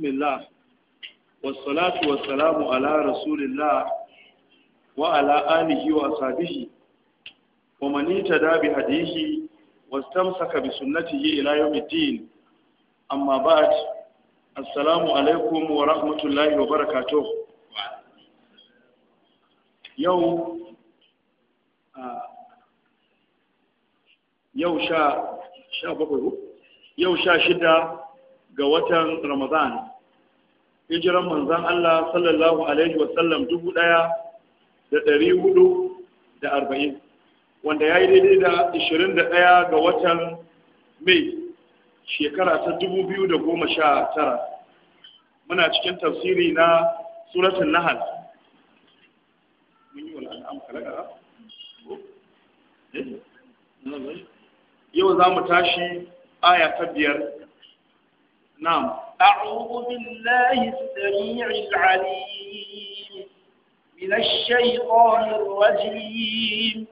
بسم الله والصلاة والسلام على رسول الله وعلى آله وأصحابه ومن اهتدى بهديه واستمسك بسنته إلى يوم الدين أما بعد السلام عليكم ورحمة الله وبركاته يوم yau sha bakwai yau sha shida ga watan ramadan hijiran manzan Allah sallallahu alaihi wasallam dubu ɗaya da ɗari hudu da arba'in wanda ya yi daidai da ishirin da ɗaya ga watan mai shekara ta dubu biyu da goma sha tara muna cikin tafsiri na suratun nahal mun yi eh? yau za mu tashi aya ta biyar na أعوذ بالله السميع العليم من الشيطان الرجيم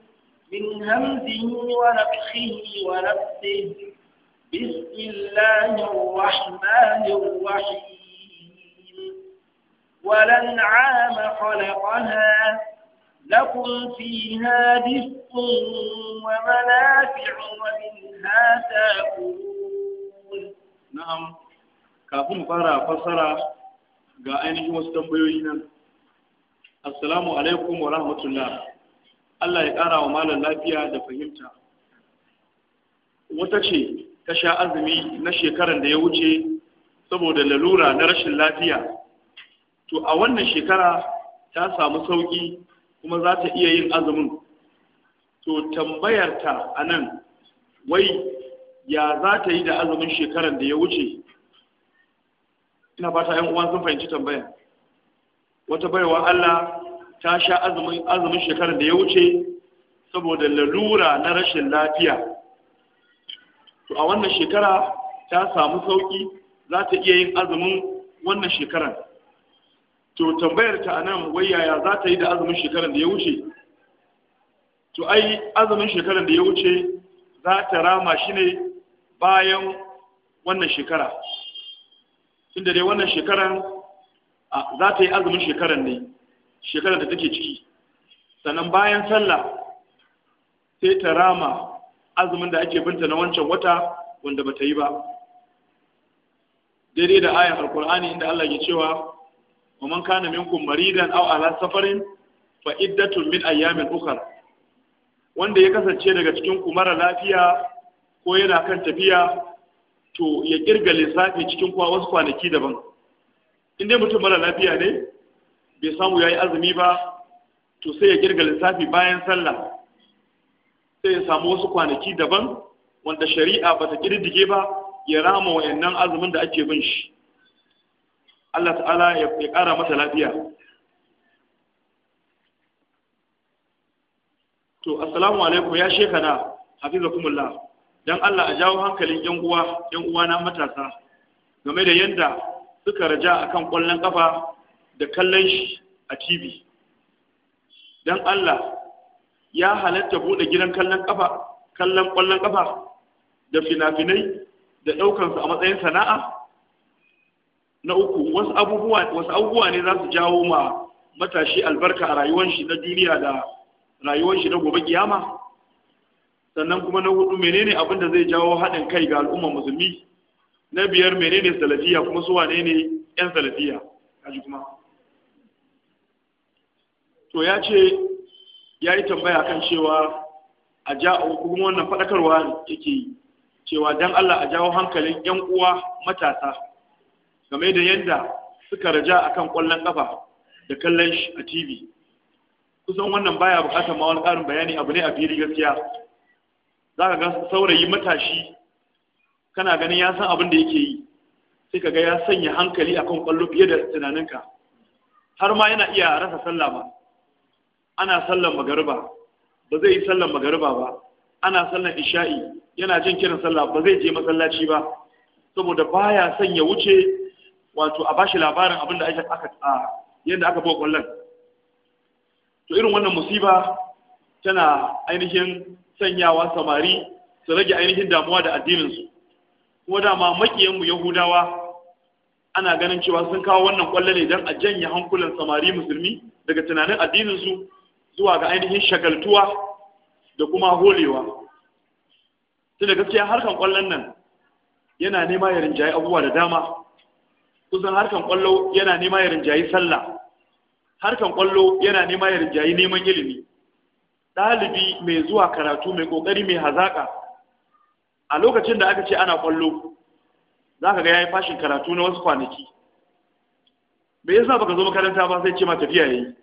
من همزه ونفخه ونفسه بسم الله الرحمن الرحيم ولنعام خلقها لكم فيها دفء ومنافع ومنها تأكلون نعم kafin mu fara fassara ga ainihin wasu tambayoyi nan assalamu alaikum wa rahmatullah Allah ya ƙara wa malam lafiya da fahimta wata ce ta sha azumi na shekarar da ya wuce saboda lalura na rashin lafiya to a wannan shekara ta samu sauƙi kuma za ta iya yin azumin to tambayarta a nan wai ya za ta yi da azumin shekarar da ya wuce ina fata yan uwan sun fahimci tambaya. wata baiwa Allah ta sha azumin azumin shekarar da ya wuce saboda lalura na rashin lafiya to a wannan shekara ta samu sauki za ta iya yin azumin wannan shekarar to tambayar ta anan wai yaya za ta yi da azumin shekarar da ya wuce to ai azumin shekarar da ya wuce za ta rama shi ne bayan wannan shekara inda dai wannan shekaran za ta yi azumin shekarar ne shekaran da take ciki sannan bayan sallah sai ta rama azumin da ake binta na wancan wata wanda ba ta yi ba daidai da ayan alkur'ani inda Allah ke cewa wa man kana minkum maridan aw ala safarin fa iddatun min ayyamin ukhra wanda ya kasance daga cikin ku mara lafiya ko yana kan tafiya to ya kirga lissafi cikin kwa wasu kwanaki daban in mutum mara lafiya ne bai samu ya yi azumi ba to sai ya kirga lissafi bayan sallah sai ya samu wasu kwanaki daban wanda shari'a ba ta kirdige ba ya rama 'yannan azumin da ake bin shi Allah ta'ala ya kara masa lafiya to assalamu alaikum ya shekana hafizakumullah dan Allah a jawo hankalin yan uwa yan uwa na matasa game da yadda suka raja a kan kwallon kafa da kallon shi a TV dan Allah ya halatta buɗe gidan kallon kafa kallon kwallon kafa da fina-finai da ɗaukansu a matsayin sana'a na uku wasu abubuwa ne za su jawo ma matashi albarka a rayuwar shi na duniya da rayuwar shi na gobe kiyama sannan kuma na hudu menene abin da zai jawo haɗin kai ga al'umman musulmi na biyar menene salafiya kuma su wane ne yan salafiya ji kuma to ya ce ya yi tambaya kan cewa a ja kuma wannan faɗakarwa yake yi cewa dan Allah a jawo hankalin yan uwa matasa game da yadda suka raja akan kwallon kafa da kallon shi a TV kusan wannan baya bukatar ma ƙarin bayani abu ne a fili gaskiya za ka ga saurayi matashi kana ganin ya san abin da yake yi sai ka ga ya sanya hankali akan kwallo fiye da tunaninka har ma yana iya rasa sallah ba ana sallan magariba ba zai yi sallan magariba ba ana sallan isha'i yana jin kiran sallah ba zai je masallaci ba saboda baya ya sanya wuce wato a bashi labarin abin da aka a yanda aka bawa kwallon to irin wannan musiba tana ainihin sanyawa samari su rage ainihin damuwa da addininsu kuma dama makiyanmu yahudawa ana ganin cewa sun kawo wannan kwallo ne don a janye hankulan samari musulmi daga tunanin addininsu zuwa ga ainihin shagaltuwa da kuma holewa tunda gaskiya harkan kwallon nan yana nema ya rinjayi abubuwa da dama kusan harkan kwallo yana nema ya rinjayi sallah harkan kwallo yana nema ya rinjayi neman ilimi ɗalibi mai zuwa karatu mai ƙoƙari mai hazaƙa a lokacin da aka ce ana ƙwallo za ka ga ya yi fashin karatu na wasu kwanaki me yasa baka zo makaranta ba sai ce ma tafiya ya yi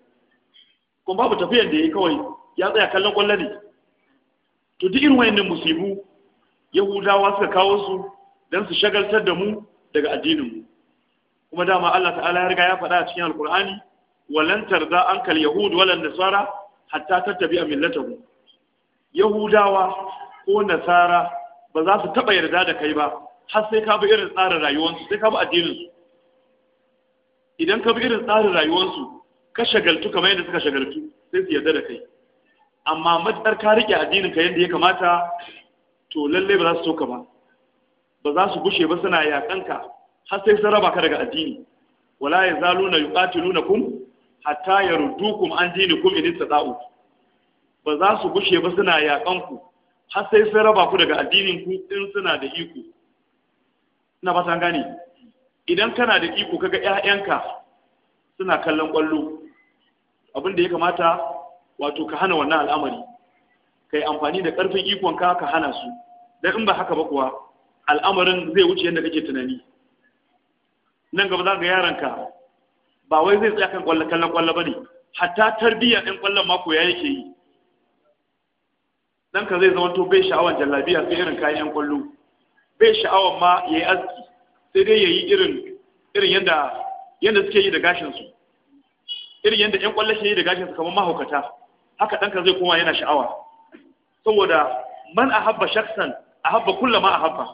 kuma babu tafiyan da ya yi kawai ya tsaya kallon ƙwallo ne to duk irin wayannan musibu yahudawa suka kawo su don su shagaltar da mu daga addinin mu kuma dama Allah ta'ala ya riga ya faɗa a cikin alkur'ani walan tarda ankal yahud walan nasara hatta tattabi a millatahu yahudawa ko nasara ba za su taɓa yarda da kai ba har sai ka bi irin tsarin rayuwarsu sai ka bi addininsu idan ka bi irin tsarin rayuwarsu ka shagaltu kamar yadda suka shagaltu sai su yarda da kai amma matsar ka riƙe addinin ka yadda ya kamata to lallai ba za su so ka ba ba za su gushe ba suna yaƙanka har sai sun raba ka daga addini wala yazaluna yuqatilunakum hatta yardukum an dinikum in istata'u ba za su gushe ba suna yakan ku har sai sun raba ku daga addinin ku in suna da iko ina ba san gane idan kana da iko kaga ƴaƴanka suna kallon kwallo abin da ya kamata wato ka hana wannan al'amari kai amfani da karfin ikonka ka hana su dan in ba haka ba kuwa al'amarin zai wuce yadda kake tunani nan gaba za ga yaranka ba wai zai tsaya kan kwallon kallon kwallo bane hatta tarbiyyar ɗin kwallon mako ya yake yi dan ka zai zama to bai sha'awar jallabiya sai irin kayan yan kwallo bai sha'awar ma yayi aski sai dai yayi irin irin yanda yanda suke yi da gashin su irin yanda yan kwallo ke yi da gashin su kamar mahaukata haka dan ka zai koma yana sha'awa saboda man ahabba shakhsan ahabba a ahabba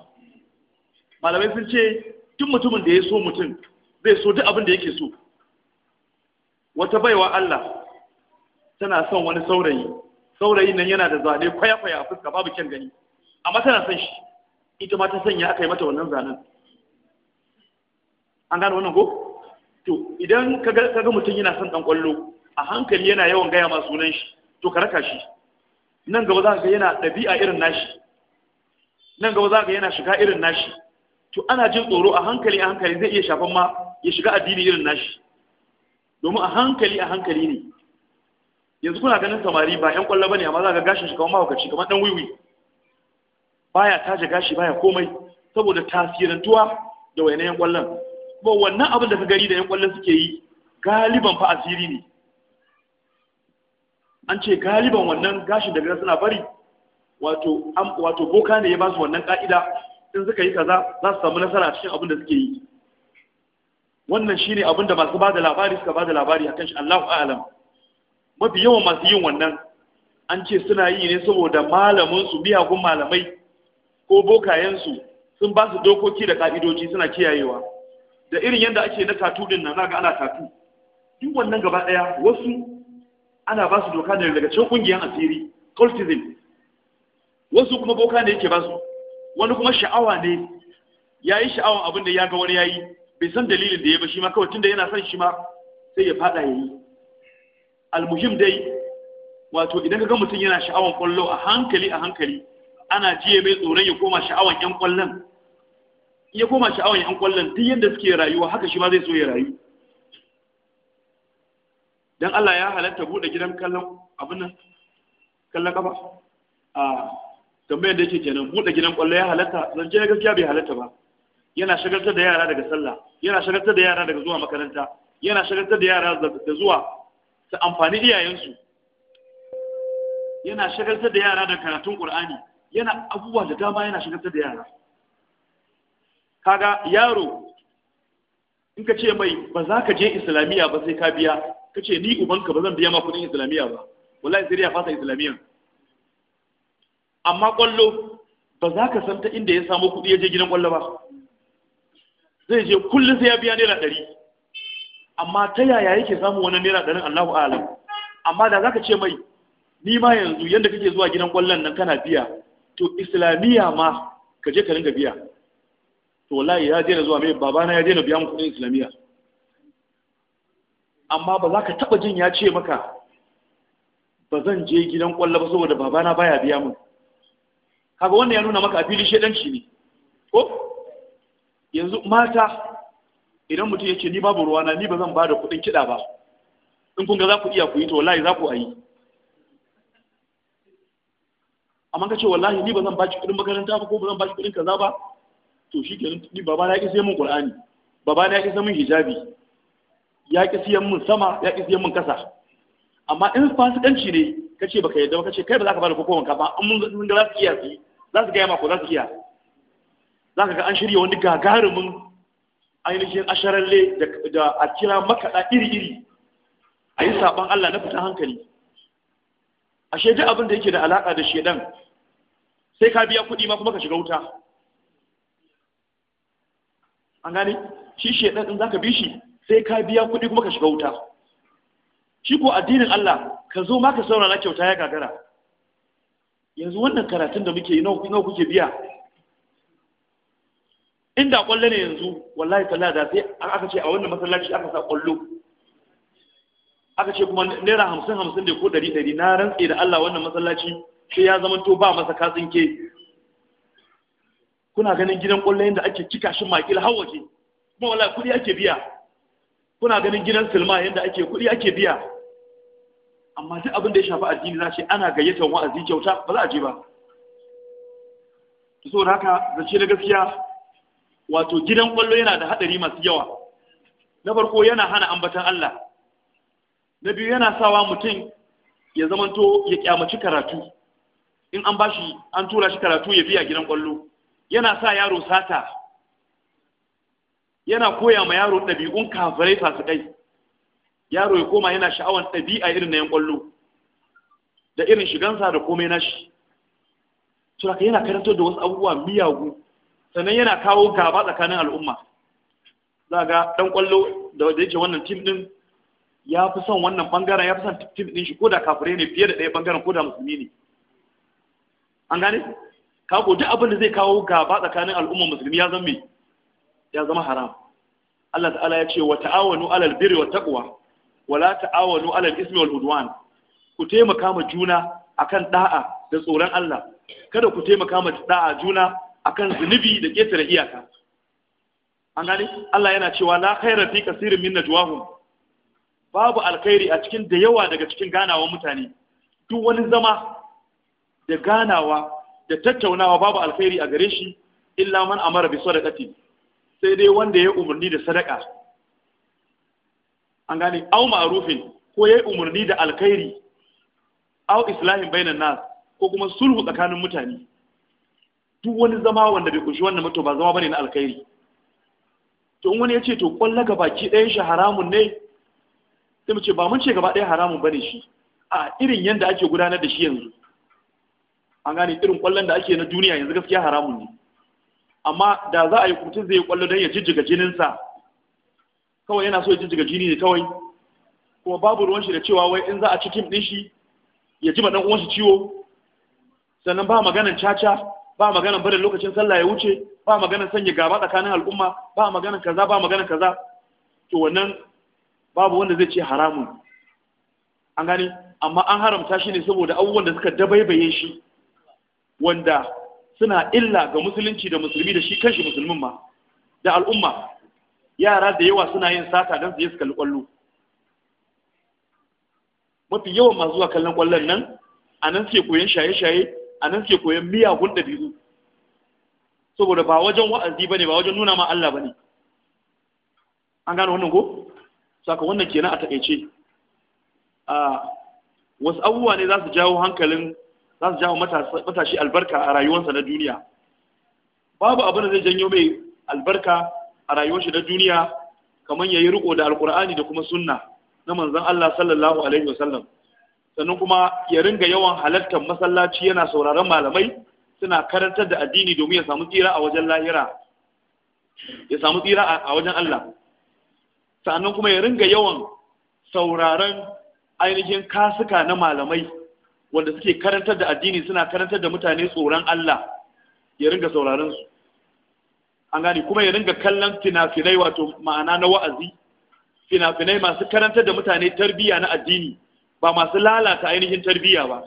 malamai sun ce duk mutumin da ya so mutum zai so duk abin da yake so wata baiwa Allah tana son wani saurayi saurayin nan yana da zane kwaya-kwaya a fuska babu kyan gani amma tana son shi ita ma ta sanya aka yi mata wannan zanen an gano wannan ko to idan ka ga mutum yana son dan kwallo a hankali yana yawan gaya ma sunan shi to ka raka shi nan gaba za ka yana ɗabi'a irin nashi nan gaba za ka yana shiga irin nashi to ana jin tsoro a hankali a hankali zai iya shafan ma ya shiga addini irin nashi domin a hankali a hankali ne yanzu kuna ganin samari ba yan kwallo bane amma za ka gashin shi kamar mahaukaci kamar dan wiwi baya taje gashi baya komai saboda tasirantuwa da wayannan yan kwallon kuma wannan abin da ka gani da yan kwallon suke yi galiban fa asiri ne an ce galiban wannan gashin da suna bari wato wato boka ne ya ba su wannan ka'ida in suka yi kaza za su samu nasara cikin abin da suke yi wannan shine abin abinda masu da labari suka ba da labari kan shi Allahu a'lam mafi yawan masu yin wannan an ce suna yi ne saboda malaminsu, biyagun miyagun malamai ko bokayensu sun ba su dokoki da ka'idoji suna kiyayewa da irin yadda ake na tatu din nan ga ana tatu duk wannan gaba daya wasu ana ba su doka ne daga cikin kungiyar asiri cultism wasu kuma boka ne yake ba su wani kuma sha'awa ne yayi sha'awan abin da ya ga wani yayi bai san dalilin da ya ba shi ma kawai tunda yana son shi ma sai ya fada yi almuhim dai wato idan ka ga mutum yana sha'awan kwallo a hankali a hankali ana jiye mai tsoron ya koma sha'awan yan kwallon ya koma sha'awan yan kwallon duk yadda suke rayuwa haka shi ma zai so ya rayu dan Allah ya halatta bude gidan kallon abin nan kallon kafa a tambayar da yake kenan bude gidan kwallo ya halatta zance na gaskiya bai halatta ba yana shagaltar da yara daga sallah yana shagaltar da yara daga zuwa makaranta yana shagaltar da yara da zuwa su amfani iyayensu yana shagaltar da yara da karatun ƙur'ani. yana abubuwa da dama yana shagaltar da yara kaga yaro in ka ce mai ba za ka je islamiyya ba sai ka biya ka ce ni ubanka ba zan biya ma kudin islamiyya ba wallahi sai ya fasa islamiyya amma kwallo ba za ka san ta inda ya samu kudi ya je gidan kwallo ba zai je kullum sai ya biya naira ɗari amma ta yaya yake samun wani naira ɗarin allahu alam amma da zaka ce mai ni ma yanzu yadda kake zuwa gidan kwallon nan kana biya to islamiyya ma ka je ka ringa biya to wallahi ya daina zuwa mai babana ya daina biya mu kuɗin islamiyya amma ba za ka taɓa jin ya ce maka ba zan je gidan kwallo ba saboda babana baya biya mun kaga wannan ya nuna maka a fili shedanci ne ko yanzu mata idan mutum ya ce ni babu ruwana ni ba zan ba da kuɗin kiɗa ba in kun ga za ku iya ku yi to wallahi za ku a yi amma ka ce wallahi ni ba zan ba ki kuɗin makaranta ba ko ba zan ba ki kuɗin kaza ba to shi ke ni baba na ya sai min qur'ani baba na ya sai min hijabi ya ƙi siyan min sama ya ƙi siyan min kasa amma in fasikanci ne kace baka yadda ba kace kai ba za ka ba da kokowan ka ba in mun ga za su iya su za su ga ma ko za su iya za ka ga an shirya wani gagarumin ainihin asharalle da a kira makaɗa iri-iri a yi saɓon Allah na fita hankali a shaidu abin da yake da alaƙa da shaidan sai ka biya kuɗi ma kuma ka shiga wuta an gane shi shaidan ɗin za ka bi shi sai ka biya kuɗi kuma ka shiga wuta shi ko addinin Allah ka zo ma ka saurara kyauta ya gagara yanzu wannan karatun da muke yi nawa kuke biya inda kwallo ne yanzu wallahi talla da sai aka ce a wannan masallaci aka sa kwallo aka ce kuma naira hamsin hamsin da ko dari-dari na rantse da Allah wannan masallaci sai ya zama to ba masa katsin ke kuna ganin gidan kwallo yadda ake cika shi makil hawaje kuma wala kuɗi ake biya kuna ganin gidan silma yadda ake kuɗi ake biya amma duk abin da ya shafi addini za ce ana gayyatar wa'azi kyauta ba za a je ba to saboda haka zance na gaskiya wato gidan kwallo yana da hadari masu yawa na farko yana hana ambatan Allah na biyu yana sawa mutum ya zamanto ya kyamaci karatu in an bashi an tura shi karatu ya biya gidan kwallo yana sa yaro sata yana koya ma yaro ɗabi'un kafirai ɗai yaro ya koma yana sha'awan ɗabi'a irin na yan kwallo da irin shigansa da komai nashi Turaka yana karantar da wasu abubuwa miyagu sannan yana kawo gaba tsakanin al'umma za ga dan kwallo da yake wannan tim din ya fi son wannan bangaren ya fi son tim din shi ko da kafirai ne fiye da ɗaya bangaren ko da musulmi ne an gane kago duk abin da zai kawo gaba tsakanin al'umma musulmi ya zama ya zama haram Allah ta'ala ya ce wa ta'awanu alal birri wa taqwa wa la ta'awanu alal ismi wal udwan ku taimaka ma juna akan da'a da tsoron Allah kada ku taimaka ma da'a juna akan zunubi da ƙetare iyaka an gane Allah yana cewa la khaira fi kasirin min najwahum babu alkhairi a cikin da yawa daga cikin ganawa mutane duk wani zama da ganawa da tattaunawa babu alkhairi a gare shi illa man amara bi sadaqati sai dai wanda ya umarni da sadaka an gane au ma'rufin ko ya umarni da alkhairi au islahin bainan nas ko kuma sulhu tsakanin mutane duk wani zama wanda bai kunshi wannan mutum ba zama bane na alkhairi to in wani ya ce to kwalla ga baki ɗayan shi haramun ne sai mu ce ba mun ce gaba ɗaya haramun bane shi a irin yanda ake gudanar da shi yanzu an gane irin kwallon da ake na duniya yanzu gaskiya haramun ne amma da za a yi mutum zai yi kwallo don ya jijjiga jininsa kawai yana so ya jijjiga jini ne kawai kuma babu ruwan shi da cewa wai in za a ci kim ɗin shi ya ji ma ɗan uwan shi ciwo sannan ba maganan caca ba magana barin lokacin sallah ya wuce ba magana sanya gaba tsakanin al'umma ba magana kaza ba magana kaza to wannan babu wanda zai ce haramun an gani amma an haramta shi ne saboda abubuwan da suka dabaibaye shi wanda suna illa ga musulunci da musulmi da shi kanshi musulmin ma da al'umma yara da yawa suna yin sata don su yi su kalli kwallo mafi yawan masu zuwa kallon kwallon nan a nan suke koyon shaye-shaye a nan suke miya miyagun ɗabi'u saboda ba wajen wa'azi ba ne ba wajen nuna ma Allah ba ne an gano wannan ko saka wannan ke nan a taƙaice a wasu abubuwa ne za su jawo hankalin za su jawo matashi albarka a rayuwarsa na duniya babu abin da zai janyo mai albarka a rayuwarsa na duniya kamar ya yi riko da alkur'ani da kuma sunna na manzan Allah sallallahu alaihi wasallam sannan kuma ya ringa yawan halartar masallaci yana sauraron malamai suna karantar da addini domin ya samu tsira a wajen lahira ya samu tsira a wajen Allah sannan kuma ya ringa yawan sauraron ainihin kasuka na malamai wanda suke karantar da addini suna karantar da mutane tsoron Allah ya ringa sauraron su an gane kuma ya ringa kallon fina-finai wato ma'ana na wa'azi fina-finai masu karantar da mutane tarbiyya na addini ba masu lalata ainihin tarbiyya ba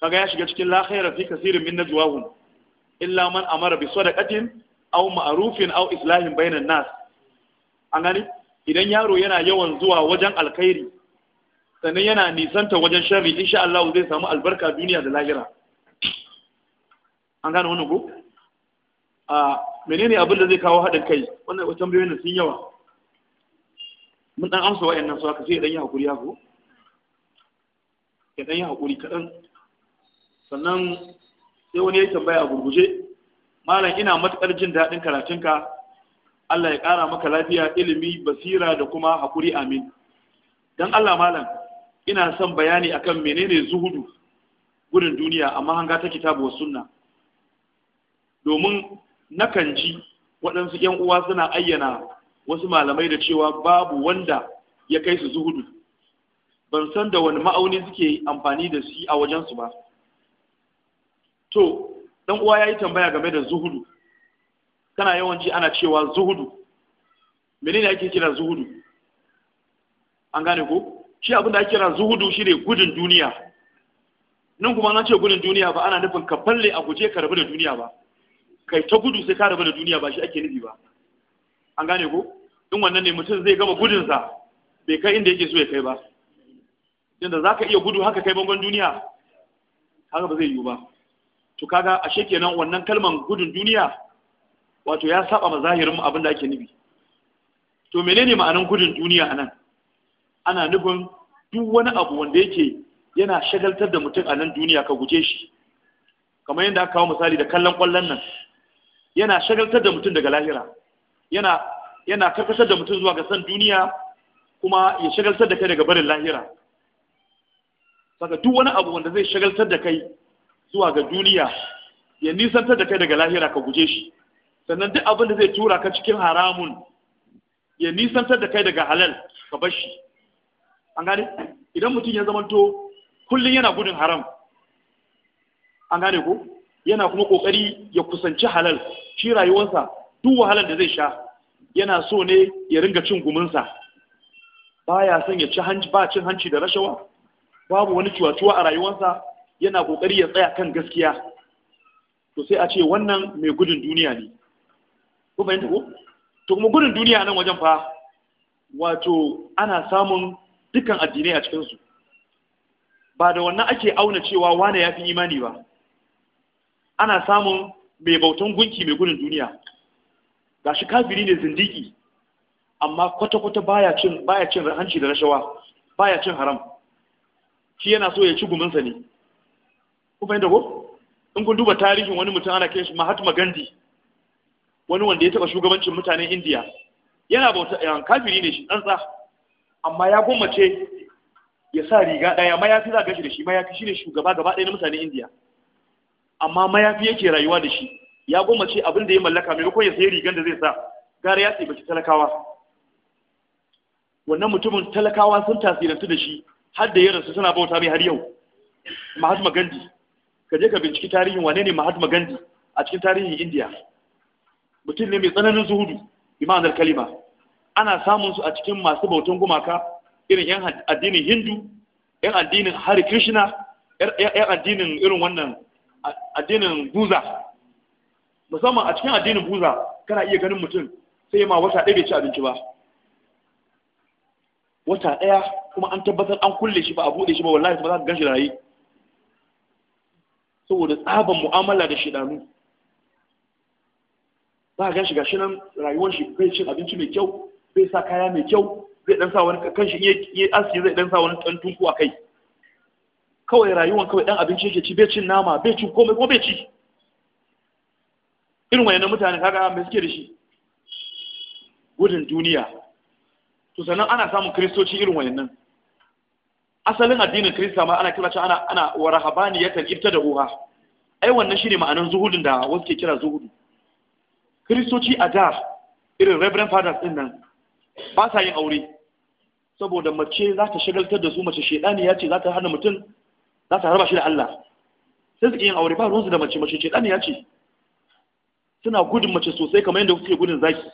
kaga ya shiga cikin lahira fi kasirin min najwahum illa man amara bi sadaqatin aw ma'rufin aw islahin bainan nas an gani idan yaro yana yawan zuwa wajen alkhairi sannan yana nisanta wajen sharri insha Allah zai samu albarka duniya da lahira an gane wannan ko a menene abin da zai kawo haɗin kai wannan tambayoyin sun yawa mun dan amsa wayannan su haka sai dan yi hakuri hako ya ɗan yi haƙuri kaɗan sannan sai wani ya tambaya a gurguje malam ina matuƙar jin daɗin karatunka Allah ya ƙara maka lafiya ilimi basira da kuma haƙuri amin don Allah malam ina son bayani akan menene zuhudu gudun duniya amma hanga ta kitabu wa sunna domin nakan ji waɗansu ‘yan uwa suna ayyana wasu malamai da cewa babu wanda ya kai su zuhudu ban san da wani ma'auni suke amfani da shi a wajensu ba to dan uwa ya yi tambaya game da zuhudu kana yawan ji ana cewa zuhudu menene ake kira zuhudu an gane ko shi abin da ake kira zuhudu shi ne gudun duniya nan kuma an ce gudun duniya ba ana nufin ka falle a guje ka rabu da duniya ba kai ta gudu sai ka rabu da duniya ba shi ake nufi ba an gane ko in wannan ne mutum zai gama gudunsa bai kai inda yake so ya kai ba inda za ka iya gudu haka kai bangon duniya haka ba zai yiwu ba to kaga ashe kenan wannan kalman gudun duniya wato ya saba ma zahirin abin da ake nufi to menene ma'anan gudun duniya anan ana nufin duk wani abu wanda yake yana shagaltar da mutum a nan duniya ka guje shi kamar yadda aka kawo misali da kallon kwallon nan yana shagaltar da mutum daga lahira yana yana karkasar da mutum zuwa ga san duniya kuma ya shagaltar da kai daga barin lahira saka duk wani abu wanda zai shagaltar da kai zuwa ga duniya ya nisantar da kai daga lahira ka guje shi sannan duk abin da zai tura ka cikin haramun ya nisantar da kai daga halal ka bar shi an gane idan mutum ya zamanto kullum yana gudun haram an gane ko yana kuma kokari ya kusanci halal shi rayuwarsa duk wahalar da zai sha yana so ne ya ringa cin guminsa baya son ya ci hanci ba cin hanci da rashawa babu wani cuwa-cuwa a rayuwarsa yana kokari ya tsaya kan gaskiya to sai a ce wannan mai gudun duniya ne ko fahimta ko to kuma gudun duniya nan wajen fa wato ana samun dukkan addinai a cikinsu ba da wannan ake auna cewa wane ya fi imani ba ana samun mai bautan gunki mai gudun duniya ga shi kafiri ne zindiki amma kwata-kwata baya cin hanci da rashawa baya cin haram shi yana so ya ci guminsa ne ku fahimta ko in kun duba tarihin wani mutum ana kai Mahatma Gandhi wani wanda ya taba shugabancin mutanen India yana bauta yan eh, kafiri ne shi tsantsa amma ya gwammace ya sa riga ya mayafi za gashi da shi mayafi shine shugaba gaba ɗaya na mutanen India amma mayafi yake rayuwa da shi ya gwammace abin da ya mallaka maimakon ya sayi rigan da zai sa gara ya tsaye talakawa wannan mutumin talakawa sun tasirantu da shi har da ya suna bauta mai har yau Mahatma Gandhi ka je ka binciki tarihin wane ne Mahatma Gandhi a cikin tarihin India mutum ne mai tsananin zuhudu imanar kalima ana samun su a cikin masu bautan gumaka irin yan addinin Hindu yan addinin hari Krishna yan addinin irin wannan addinin Buza musamman a cikin addinin Buza kana iya ganin mutum sai ma wata ɗaya bai ci abinci ba wata ɗaya kuma an tabbatar an kulle shi ba a buɗe shi ba wallahi ba za ka gan shi raye saboda tsaban mu'amala da shidanu za a gan shi gashi nan rayuwar shi bai cin abinci mai kyau bai sa kaya mai kyau zai dan sa wani kan shi iya aski zai dan sa wani dan tunku a kai kawai rayuwar kawai dan abinci yake ci bai cin nama bai cin komai kuma bai ci irin wayannan mutane kaga me suke da shi gudun duniya to sannan ana samun kristoci irin wayannan asalin addinin krista ma ana kira ana ana wa rahabaniyatan da uha ai wannan shine ma'anar zuhudin da wasu ke kira zuhudu kristoci a da irin reverend fathers din nan ba sa yin aure saboda mace za ta shagaltar da su mace shaidani ya ce za ta hana mutum za ta harba shi da Allah sai su yin aure ba ruwansu da mace mace shaidani ya ce suna gudun mace sosai kamar yadda kuke gudun zaki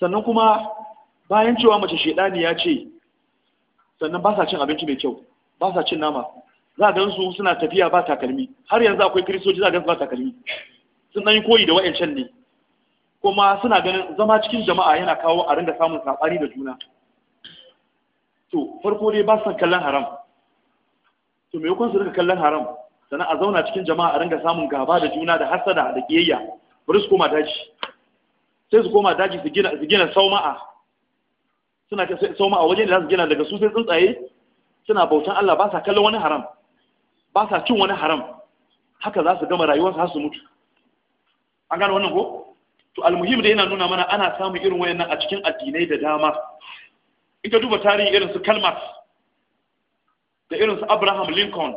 sannan kuma bayan cewa mace ne ya ce sannan ba sa cin abinci mai kyau ba sa cin nama za gan su suna tafiya ba takalmi har yanzu akwai kristoci za gan su ba takalmi sun dan yi koyi da wayancan ne kuma suna ganin zama cikin jama'a yana kawo a ringa samun sabani da juna to farko dai ba su kallon haram to me yakon su rika kallon haram sannan a zauna cikin jama'a a ringa samun gaba da juna da hasada da kiyayya bari su koma daji sai su koma daji su gina su gina sauma'a suna ta sau ma a wajen da za su gina daga su sai tsuntsaye suna bautan Allah ba sa kallon wani haram ba sa cin wani haram haka za su gama rayuwarsu har su mutu an gano wannan ko to almuhim da yana nuna mana ana samun irin wayannan a cikin addinai da dama in ka duba tarihi irin su kalmat da irin su abraham lincoln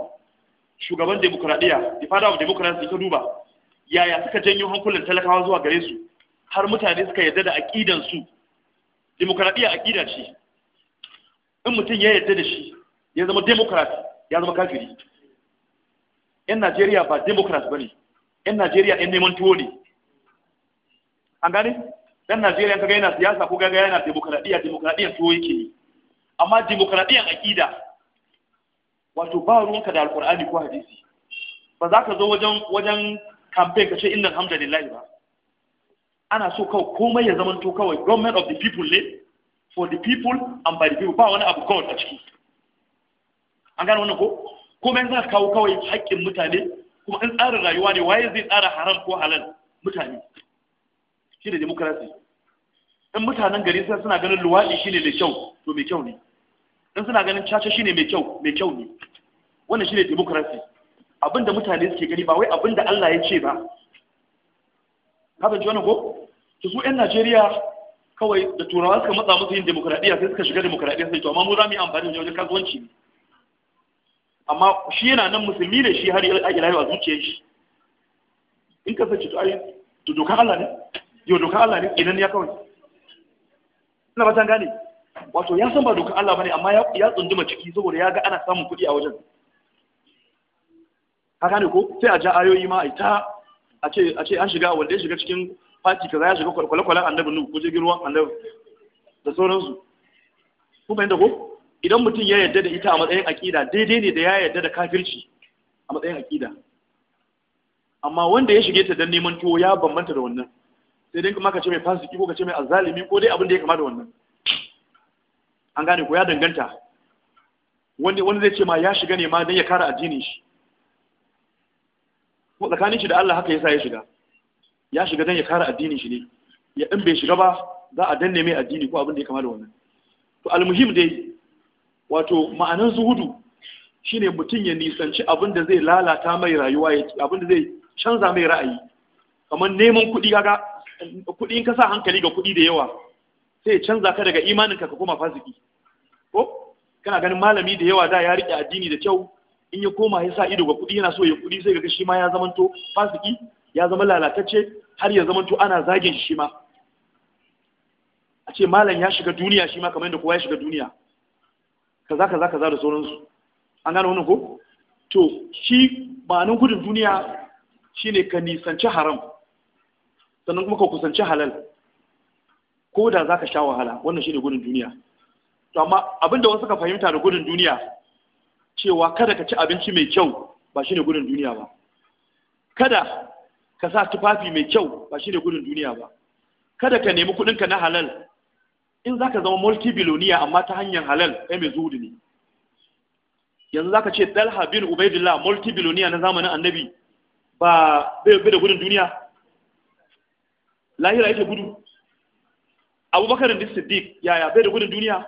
shugaban demokradiya the father of democracy ka duba yaya suka janyo hankulan talakawa zuwa gare su har mutane suka yarda da aƙidansu su demokradiyya aqida ce in mutum ya yadda da shi ya zama demokrat ya zama kafiri yan Najeriya ba ba ne. yan Najeriya yan neman tuwo ne an gane dan Najeriya kaga yana siyasa ko gaya yana demokradiyya demokradiyyan tuwo yake ne amma demokradiyyan aqida wato ba ruwanka da alkur'ani ko hadisi ba za ka zo wajen wajen kashe ka ce innal ba ana so kawai komai ya zama to kawai government of the people ne for the people and by the people ba wani abu kawai a ciki an gane wannan ko komai za ka kawo kawai haƙƙin mutane kuma in tsarin rayuwa ne waye zai tsara haram ko halal mutane shi da demokrasi in mutanen gari sai suna ganin luwaɗi ne mai kyau to mai kyau ne in suna ganin caca shi ne mai kyau mai kyau ne wannan ne demokrasi abinda mutane suke gani ba wai abinda Allah ya ce ba ka fahimci wannan ko to su yan Najeriya kawai da turawa suka matsa musu yin demokradiyya sai suka shiga demokradiyya sai to amma mu za mu yi amfani da wajen kasuwanci amma shi yana nan musulmi ne shi har ake rayuwa zuciyar shi in ka sace to ai to doka Allah ne yo doka Allah ne idan ya kawai ina ba ta gane wato ya san ba doka Allah bane amma ya tsunduma ciki saboda ya ga ana samun kuɗi a wajen ka gane ko sai a ja ayoyi ma ai ta a ce an shiga wanda ya shiga cikin fati kaza ya shiga kwale-kwalen annabi nuhu ko jirgin ruwan annabi da sauransu kun fahimta ko idan mutum ya yarda da ita a matsayin aƙida daidai ne da ya yarda da kafirci a matsayin aƙida amma wanda ya shige ta dan neman tuwo ya bambanta da wannan sai dai kuma ka ce mai fasiki ko ka ce mai azzalimi ko dai abin da ya kama da wannan an gane ko ya danganta wani zai ce ma ya shiga ne ma dan ya kare addinin shi ko tsakanin shi da Allah haka yasa ya shiga ya shiga dan ya kare addinin shi ne ya in bai shiga ba za a danne mai addini ko abin da ya kama da wannan to almuhim dai wato ma'anar zuhudu shine mutum ya nisanci abin da zai lalata mai rayuwa ya abin da zai canza mai ra'ayi kamar neman kuɗi kaga kuɗi in ka sa hankali ga kuɗi da yawa sai ya canza ka daga imaninka ka koma fasiki ko kana ganin malami da yawa da ya riƙe addini da kyau in ya koma ya sa ido ga kuɗi yana so ya kuɗi sai ga shi ma ya zamanto fasiki ya zama lalatacce har ya zamanto ana zagin shi ma a ce malam ya shiga duniya shi ma kamar yadda kowa ya shiga duniya kaza kaza kaza da sauransu an gane wannan ko to shi ma'anin gudun duniya shine ka nisanci haram sannan kuma ka kusanci halal ko da za ka sha wahala wannan shine gudun duniya to amma abinda wasu ka fahimta da gudun duniya cewa kada ka ci abinci mai kyau ba shi ne gudun duniya ba kada ka sa tufafi mai kyau ba shi ne gudun duniya ba kada ka nemi kuɗinka na halal in za ka zama multibiloniya amma ta hanyar halal kai mai zuhudu ne yanzu za ka ce talha bin ubaidillah multibiloniya na zamanin annabi ba bai da gudun duniya lahira yake gudu abubakar siddiq yaya bai da gudun duniya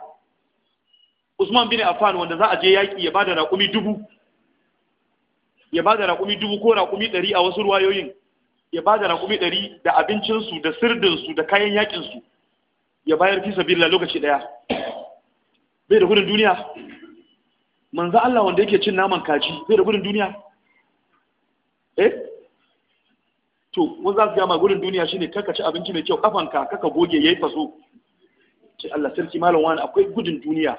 Usman bin Affan wanda za a je yaki ya bada raƙumi dubu ya bada raƙumi dubu ko raƙumi ɗari a wasu ruwayoyin ya bada raƙumi ɗari da abincinsu da sirdinsu da kayan yaƙinsu ya bayar fi sabilla lokaci ɗaya bai da gudun duniya manzo Allah wanda yake cin naman kaji bai da gudun duniya eh to mun za su gama gudun duniya shine kaka ci abinci mai kyau kafanka kaka goge yayi faso ce Allah sarki malam wani akwai gudun duniya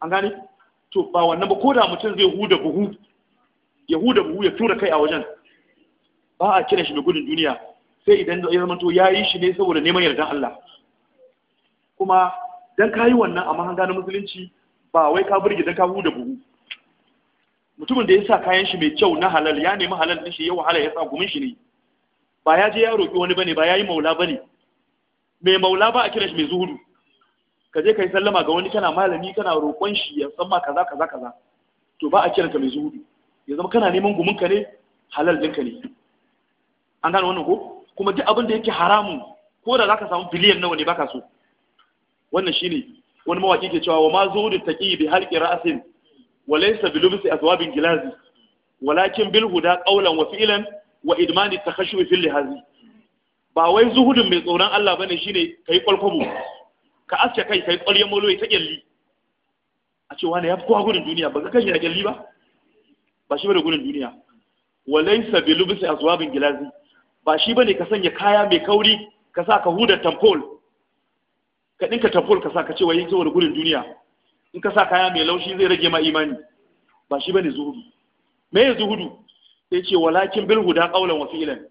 an gane to ba wannan ba ko mutum zai huda buhu ya huda buhu ya tura kai a wajen ba a kira shi mai gudun duniya sai idan ya zama to ya yi shi ne saboda neman yardan Allah kuma dan ka yi wannan amma an musulunci ba wai ka burge dan ka huda buhu mutumin da ya sa kayan shi mai kyau na halal ya nemi halal din shi ya wahala ya sa gumin shi ne ba ya je ya roƙi wani bane ba ya yi maula bane mai maula ba a kira shi mai zuhudu ka je ka yi sallama ga wani kana malami kana roƙon shi ya san ma kaza kaza kaza to ba a kiran ka mai zuhudu ya zama kana neman gumin ka ne halal ɗinka ne an gane wannan ko kuma duk abin da yake haramun ko da zaka samu biliyan nawa ne baka so wannan shine wani mawaki ke cewa wa ma zuhudu taqi bi halqi ra'sin wa laysa bi lubsi aswabin gilazi walakin bil huda qawlan wa fi'lan wa idmani takhashu fil lihazi ba wai zuhudin mai tsoron Allah bane shine kai kwalkwabo ka aske kai kai kwalyen moloyi ta kyalli a ce wani ya fi kowa gudun duniya ba ga kai ya kyalli ba ba shi bane gudun duniya walaysa bi lubsi azwabin gilazi ba shi bane ka sanya kaya mai kauri ka sa ka huda tampol ka dinka tampol ka sa ka ce wai yin wani gudun duniya in ka sa kaya mai laushi zai rage ma imani ba shi bane zuhudu me ya zuhudu sai ce walakin bil huda qawlan wa fi'lan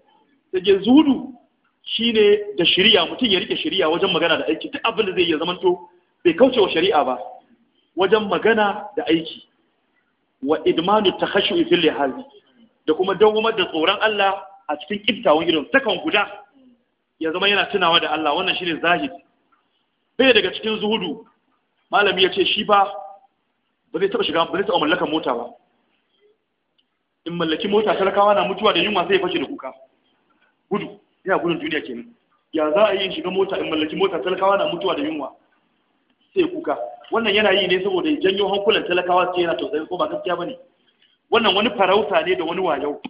sai ce zuhudu Shi ne da shari'a mutum ya rike shari'a wajen magana da aiki duk abin da zai iya zamanto bai kauce wa shari'a ba wajen magana da aiki wa idmanu takhashu fil lihazi da kuma dawamar da tsoron Allah a cikin kiftawan irin takan guda ya zama yana tunawa da Allah wannan shine zahid bai daga cikin zuhudu malami ya ce shi ba ba zai taba shiga ba zai taba mallakan mota ba in mallaki mota talakawa na mutuwa da yunwa sai ya fashe da kuka gudu yana gudun duniya kenan ya za a yi shiga mota in mallaki mota talakawa na mutuwa da yunwa sai kuka wannan yana yi ne saboda ya janyo hankulan talakawa sai yana tausayi ko ba gaskiya bane wannan wani farauta ne da wani wayau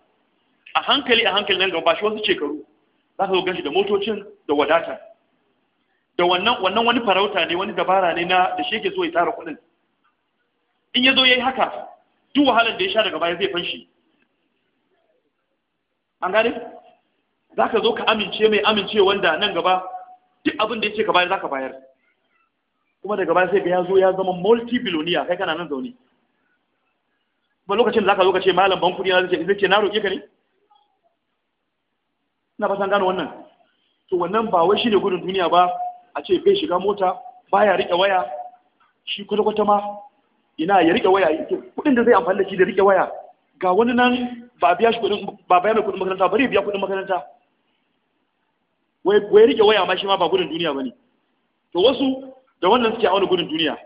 a hankali a hankali nan gaba shi wasu shekaru za ka zo gashi da motocin da wadata da wannan wannan wani farauta ne wani dabara ne na da shi yake so ya tara kuɗin in ya zo ya yi haka duk wahalar da ya sha daga baya zai fanshi an gane za ka zo ka amince mai amince wanda nan gaba duk abin da ya ce ka bayar za ka bayar kuma daga baya sai ga ya zo ya zama multi-billionaire kai kana nan zaune ba lokacin da za ka zo ka ce malam ban kuɗi na zai ce na roƙe ka ne ina ba san gano wannan to wannan ba wai shine gudun duniya ba a ce bai shiga mota baya riƙe waya shi kwata-kwata ma ina ya riƙe waya kudin da zai amfani da shi da riƙe waya ga wani nan ba biya shi kudin ba biya mai kuɗin makaranta bari biya kudin makaranta wai wai rike waya ma shi ma ba gudun duniya bane to wasu da wannan suke auna gudun duniya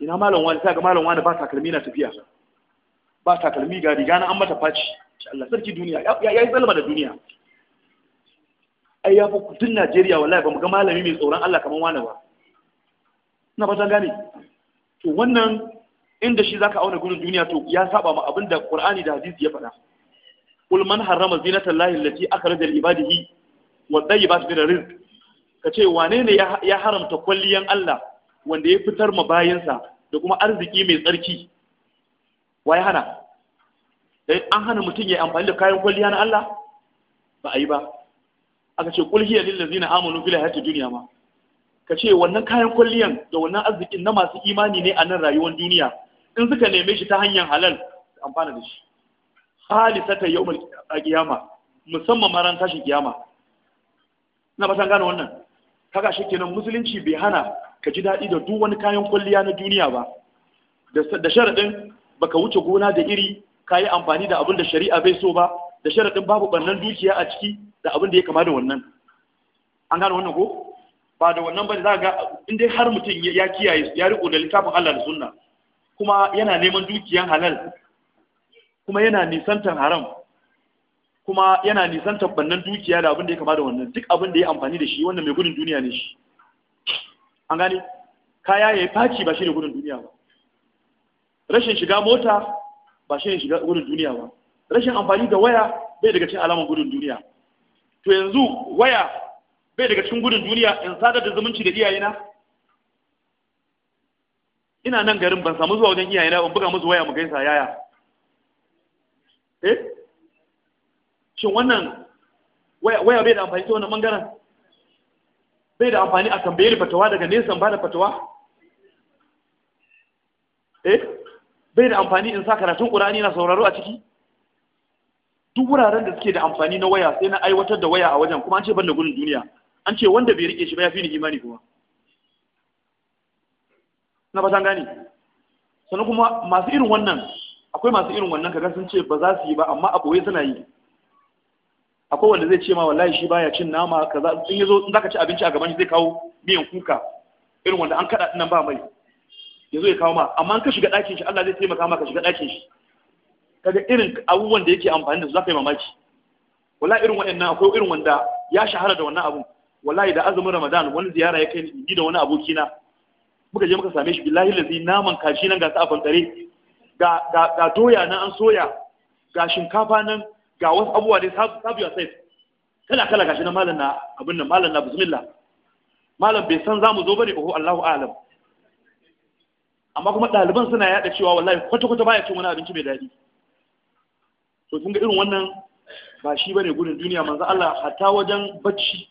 ina malam wani saka ga malam wani ba takalmi na tafiya ba takalmi ga riga na an mata faci Allah sarki duniya ya yi zalma da duniya ai ya fi kudin Najeriya wallahi ba mu ga malami mai tsoron Allah kamar wani ba ina ba ta gane to wannan inda shi zaka auna gudun duniya to ya saba ma abinda Qur'ani da hadisi ya faɗa qul man harrama zinata llahi allati akhraja li ibadihi wadai ba su da rizq ka ce wane ne ya haramta kwalliyan Allah wanda ya fitar ma bayansa da kuma arziki mai tsarki wa ya hana dai eh, an hana mutum ya amfani da kayan kwalliya na Allah ba a yi ba aka ce kul hiya lil ladzina amanu fil hayati dunya ma ka ce wannan kayan kwalliyan da wannan arzikin na masu imani ne a nan rayuwar duniya in suka neme shi ta hanyar halal su amfana da shi halisata yawmal qiyama musamman ma ran tashin kiyama na ba san gane wannan kaga shikenan musulunci bai hana ka ji daɗi da duk wani kayan kwalliya na duniya ba da sharaɗin baka wuce gona da iri ka amfani da abin da shari'a bai so ba da sharaɗin babu ɓarnan dukiya a ciki da abin da ya kama da wannan an gane wannan ko ba da wannan ba za ga in dai har mutum ya kiyaye ya riko da littafin Allah da sunna kuma yana neman dukiyan halal kuma yana nisantar haram kuma yana nisan tabbannan dukiya da abin da ya kama da wannan duk abin da ya amfani da shi wannan mai gudun duniya ne shi an gane kaya ya yi faci ba shi ne gudun duniya ba rashin shiga mota ba shi ne shiga gudun duniya ba rashin amfani da waya bai daga cikin alamar gudun duniya to yanzu waya bai daga cikin gudun duniya in sadar da zumunci da iyayena ina nan garin ban samu zuwa wajen iyayena ban buga musu waya mu gaisa yaya eh shin wannan waya bai da amfani ta wannan mangana? bai da amfani a tambaye da fatawa daga nesan ba da fatawa eh bai da amfani in sa karatun ƙurani na sauraro a ciki duk wuraren da suke da amfani na waya sai na aiwatar da waya a wajen kuma an ce ban da gudun duniya an ce wanda bai rike shi ba ya fi ni imani kuma na ba san gane sannan kuma masu irin wannan akwai masu irin wannan kaga sun ce ba za su yi ba amma a boye suna yi akwai wanda zai ce ma wallahi shi baya cin nama kaza in yazo in zaka ci abinci a gaban shi zai kawo miyan kuka irin wanda an kada nan ba mai yazo ya kawo ma amma in ka shiga ɗakin shi Allah zai taimaka maka shiga ɗakin shi kaga irin abubuwan da yake amfani da su zaka yi mamaki wallahi irin waɗannan akwai irin wanda ya shahara da wannan abun wallahi da azumin Ramadan wani ziyara ya kai ni da wani aboki na muka je muka same shi billahi lazi naman kashi nan ga sa a fankare ga ga doya nan an soya ga shinkafa nan ga wasu abubuwa ne sabu ya sai kala kala gashi na malam na abin nan malam na bismillah malam bai san zamu zo bane ko Allahu a'lam amma kuma ɗaliban suna yada cewa wallahi kwata kwata baya cin wani abinci mai daɗi to kun ga irin wannan ba shi bane gurin duniya manzo Allah hatta wajen bacci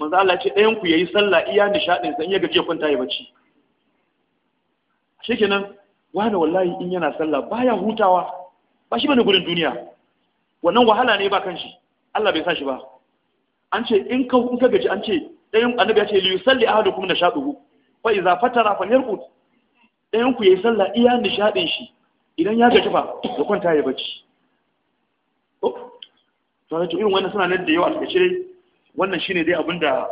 manzo Allah ya ce ɗayan ku yayi sallah iya nishadin san in ya gaji ya kwanta ya bacci shikenan wani wallahi in yana sallah baya hutawa ba shi bane gurin duniya wannan wahala ne ba kan shi Allah bai sa shi ba an ce in ka in ka gaji an ce ɗayan annabi ya ce li yusalli ahadukum nashaduhu fa idza fatara falyarqut ɗayan ku yayi sallah iya nishadin shi idan ya gaji fa ya kwanta ya bacci oh, to to irin wannan suna nan da yau a dai wannan shine dai abinda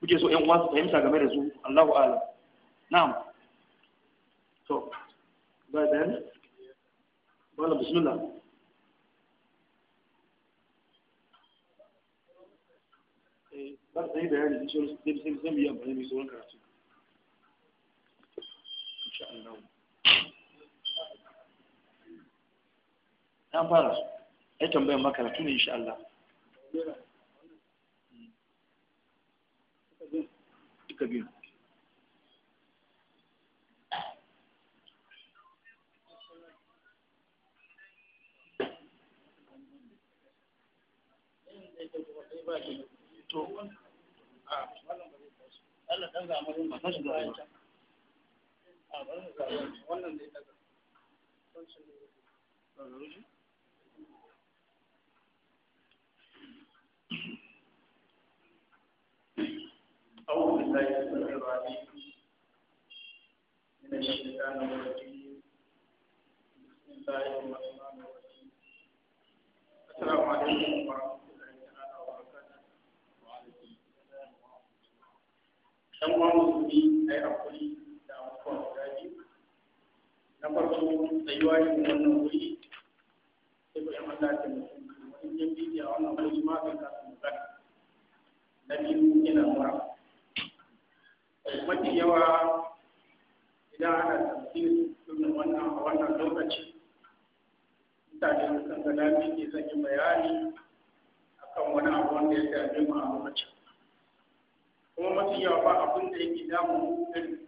kuke so ƴan uwa su fahimta game da su Allahu a'lam na'am to ba dan bismillah za ta yi bayani in sauran sai amfani mai sauran karatu insha Allah an fara ai ne insha duka biyu to Allah dan ga mun من الشيطان الرجيم بسم الله الرحمن الرحيم السلام عليكم ورحمة الله dan uwan musulmi ai hakuri da abubuwa guda biyu na farko tsayuwa ne wannan wuri sai ko yan Allah ta mutum wani yan a wannan wuri ma kan ka samu na biyu yana mura eh, mafi yawa idan ana tafsiri irin wannan a wannan lokaci mutane sun ga lafiya zan yi bayani akan wani abu wanda ya dame mu a lokacin kuma mafi yawa ba abin da yake damun ɗin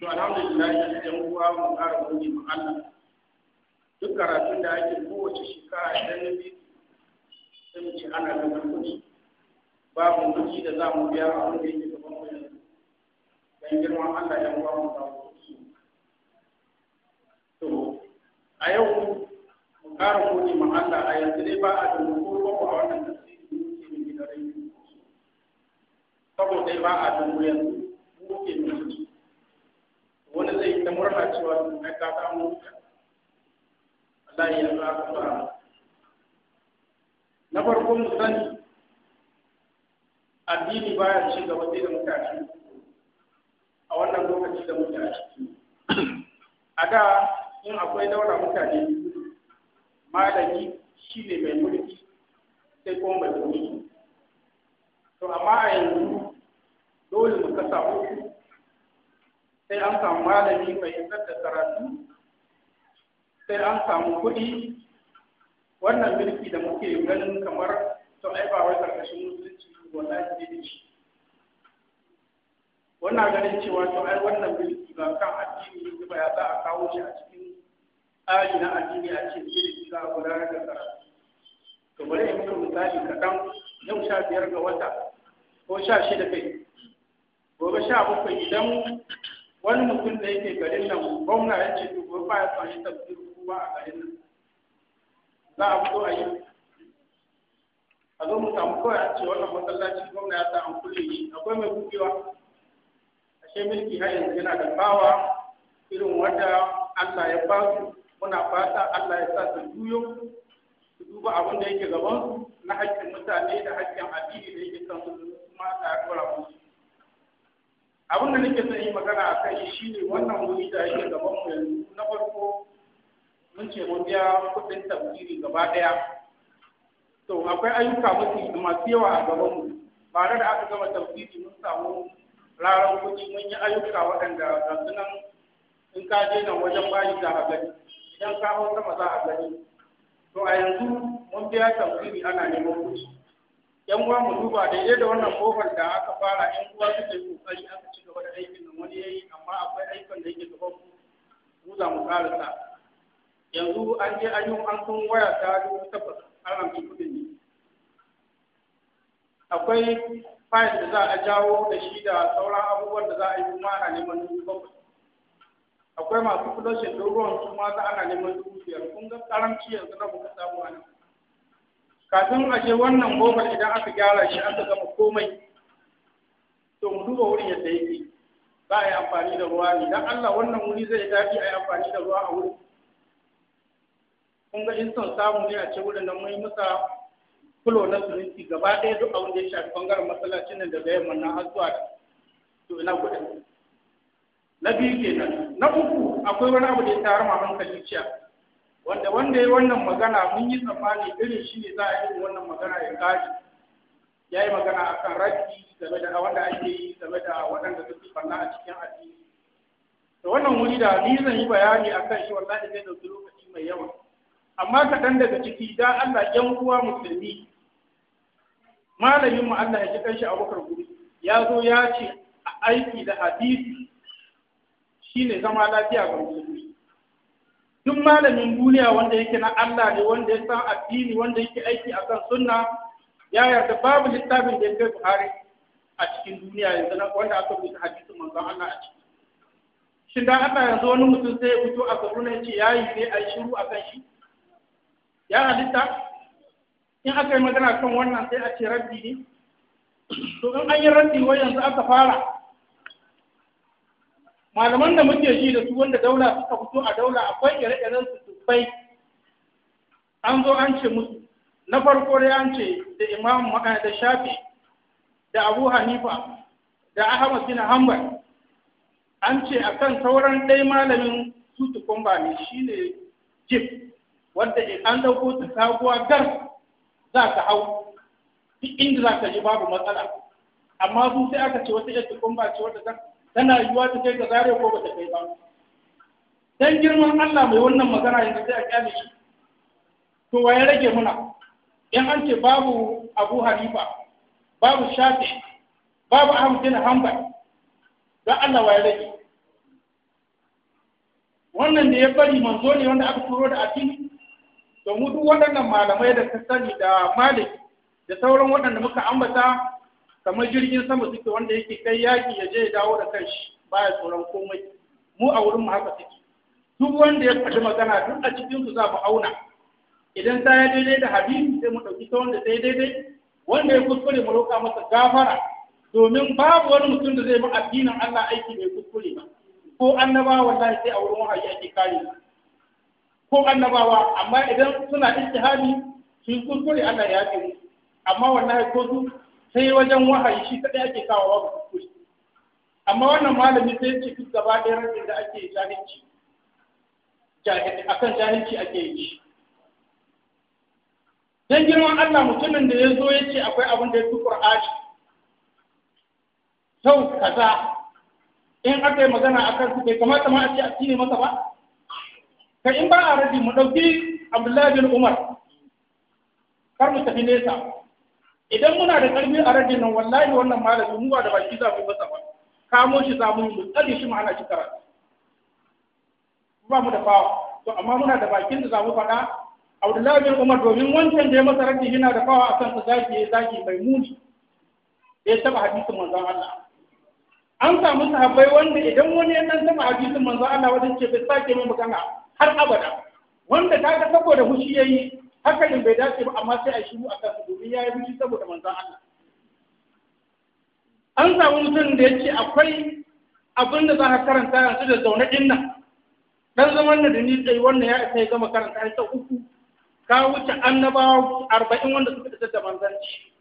to alhamdulillah yan uwa mu ƙara gode mu Allah duk karatun da ake kowace shekara idan na bi sun ce ana da kuɗi babu kuɗi da za mu biya abin da yake gaban mu yanzu dan girman Allah yan uwa mu ba to a yau mu ƙara gode mu Allah a yanzu dai ba a da ko a wannan saboda ba a nan wurin mu ke musu wani zai ta murna cewa na ka mu Allah ya ba ku ba na farko mu sani addini baya ci gaba da mutane a wannan lokaci da muke a ciki a da in akwai daura mutane malami shi ne mai mulki sai kuma mai mulki to amma a yanzu dole mu kasa uku sai an samu malami mai isar da karatu sai an samu kuɗi wannan mulki da muke ganin kamar to ai ba wai karkashin musulunci wallahi ne shi wannan ganin cewa to ai wannan mulki ba kan addini ne ba ya za a kawo shi a cikin tsari na addini a ce mulki za a gudanar da karatu to bari in misali kaɗan yau sha biyar ga wata ko sha shida kai gobe sha bakwai idan wani mutum da yake garin nan gwamna ya ce to ba ya son tafsir kuma a garin nan za a fito a yi a zo mu samu kawai a ce wannan masallaci gwamna ya sa an kulle yi akwai mai a ce mulki har yanzu yana da bawa irin wanda Allah ya ba su muna fata Allah ya sa su juyo su duba abin da yake gaban su na haƙƙin mutane da haƙƙin addini da yake kan su kuma a ya kora musu abin da nake son yi magana a kai shi ne wannan wuri da yake gaban mu yanzu na farko mun ce mun biya kuɗin tafsiri gaba ɗaya to akwai ayyuka mafi masu yawa a gaban mu ba da aka gama tafsiri mun samu rarar kuɗi mun yi ayyuka waɗanda ga su nan in ka je nan wajen bayi za a idan ka hau sama za a gani to a yanzu mun biya tafsiri ana neman kuɗi yan uwa mu duba da yadda wannan kofar da aka fara yan uwa suka yi kokari aka ci gaba da aikin nan wani yayi amma akwai aikin da yake gaba mu za mu karasa yanzu an je an yi an sun waya ta dubu takwas an ramci kudin ne akwai fayil da za a jawo da shi da sauran abubuwan da za a yi kuma ana neman dubu bakwai akwai masu kudin shekaru ruwan su ma za ana neman dubu biyar kun ga karamci yanzu na muka samu a nan kafin a je wannan kofar idan aka gyara shi aka gama komai to mu duba wurin yadda yake ba a yi amfani da ruwa ne dan Allah wannan wuri zai daɗi a yi amfani da ruwa a wurin kun ga in son samu ne a ce wurin nan mun musa kulo na siminti gaba ɗaya duk abin da ya shafi bangaren masallacin nan da yamma na har zuwa to ina kuɗin na biyu kenan na uku akwai wani abu da ya tayar ma hankali ciyar wanda wanda ya wannan magana mun yi tsammani irin shi ne za a yi wannan magana ya kaji ya yi magana a kan rafi game da wanda ake yi game da waɗanda suke falla a cikin addini da wannan wuri da ni zan yi bayani a kan shi wallahi zai ɗauki lokaci mai yawa amma kaɗan daga ciki da Allah ‘yan uwa musulmi malamin mu Allah ya ji kanshi abokar guri ya zo ya ce a aiki da hadisi shine zama lafiya ga musulmi duk malamin duniya wanda yake na Allah ne wanda ya san addini wanda yake aiki akan sunna ya yarda babu littafin da ya kai Buhari a cikin duniya yanzu na wanda aka rubuta hadisin manzon Allah a ciki shin dan Allah yanzu wani mutum sai ya fito a garu ne ce yayi sai ai shiru akan shi ya halitta in aka yi magana kan wannan sai a ce rabbi ne to in an yi rabbi wai yanzu aka fara malaman da muke ji da su wanda daula suka fito a daula akwai ire-iren su sufai an zo an ce musu na farko dai an ce da imam da shafi da abu hanifa da ahmad bin hanbal an ce a kan sauran ɗai malamin su tukumba ne shi ne jib wanda an ɗauko ta sabuwa gar za ka hau duk inda za ka ji babu matsala amma su sai aka ce wata yadda tukumba ce wadda za ka tana yiwuwa ta kai ga zare ko bata kai ba dan girman Allah mai wannan magana yanzu sai a kyale shi to wa ya rage muna in an ce babu Abu Hanifa babu Shafi babu Ahmad bin Hanbal dan Allah wa ya rage wannan da ya bari manzo ne wanda aka turo da addini to mu duk waɗannan malamai da ta sani da malik da sauran waɗanda muka ambata kamar jirgin sama suke wanda yake kai yaki ya je ya dawo da kanshi baya tsoron komai mu a wurin mu haka suke duk wanda ya faɗi magana duk a cikin su za mu auna idan ta ya daidai da Habibu sai mu ɗauki ta wanda sai daidai wanda ya kuskure mu roƙa masa gafara domin babu wani mutum da zai bi addinin Allah aiki mai kuskure ba ko annabawa wallahi sai a wurin wahayi ake kare ko annabawa amma idan suna ijtihadi sun kuskure Allah ya yi amma wallahi ko su sai wajen wahayi shi kaɗai ake kawo babu kuskure amma wannan malami sai ce duk gaba ɗaya rashin da ake jahilci akan jahilci ake yi dan girman Allah mutumin da ya zo ya ce akwai abin da ya fi Qur'ani sau kaza in aka yi magana a kansu bai kamata ma a ce a cire masa ba ka in ba a rabi mu ɗauki abdullahi bin umar kar mu tafi nesa idan muna da karfi a rajin nan wallahi wannan malami mu ba da baki za mu masa ba kamo shi za mu yi mu tsare shi ma'ana shi karatu ba mu da fawa to amma muna da bakin da za mu faɗa Abdullahi bin Umar domin wancan da ya masa raddi yana da fawa akan sa zaki zaki mai muni ya taɓa hadisin manzon Allah an samu sahabbai wanda idan wani ya dan taba hadisin manzon Allah wajen ce bai sake min magana har abada wanda ta ga saboda hushi yayi hakan bai dace ba amma sai a shiru a kansu domin ya yi mutu saboda manzan Allah an samu mutum da ya ce akwai abin da za ka karanta yanzu da zaune ɗin nan dan zaman da ni tsaye wannan ya isa ya gama karanta ya ta uku ka wuce annabawa arba'in wanda suka isa da manzanci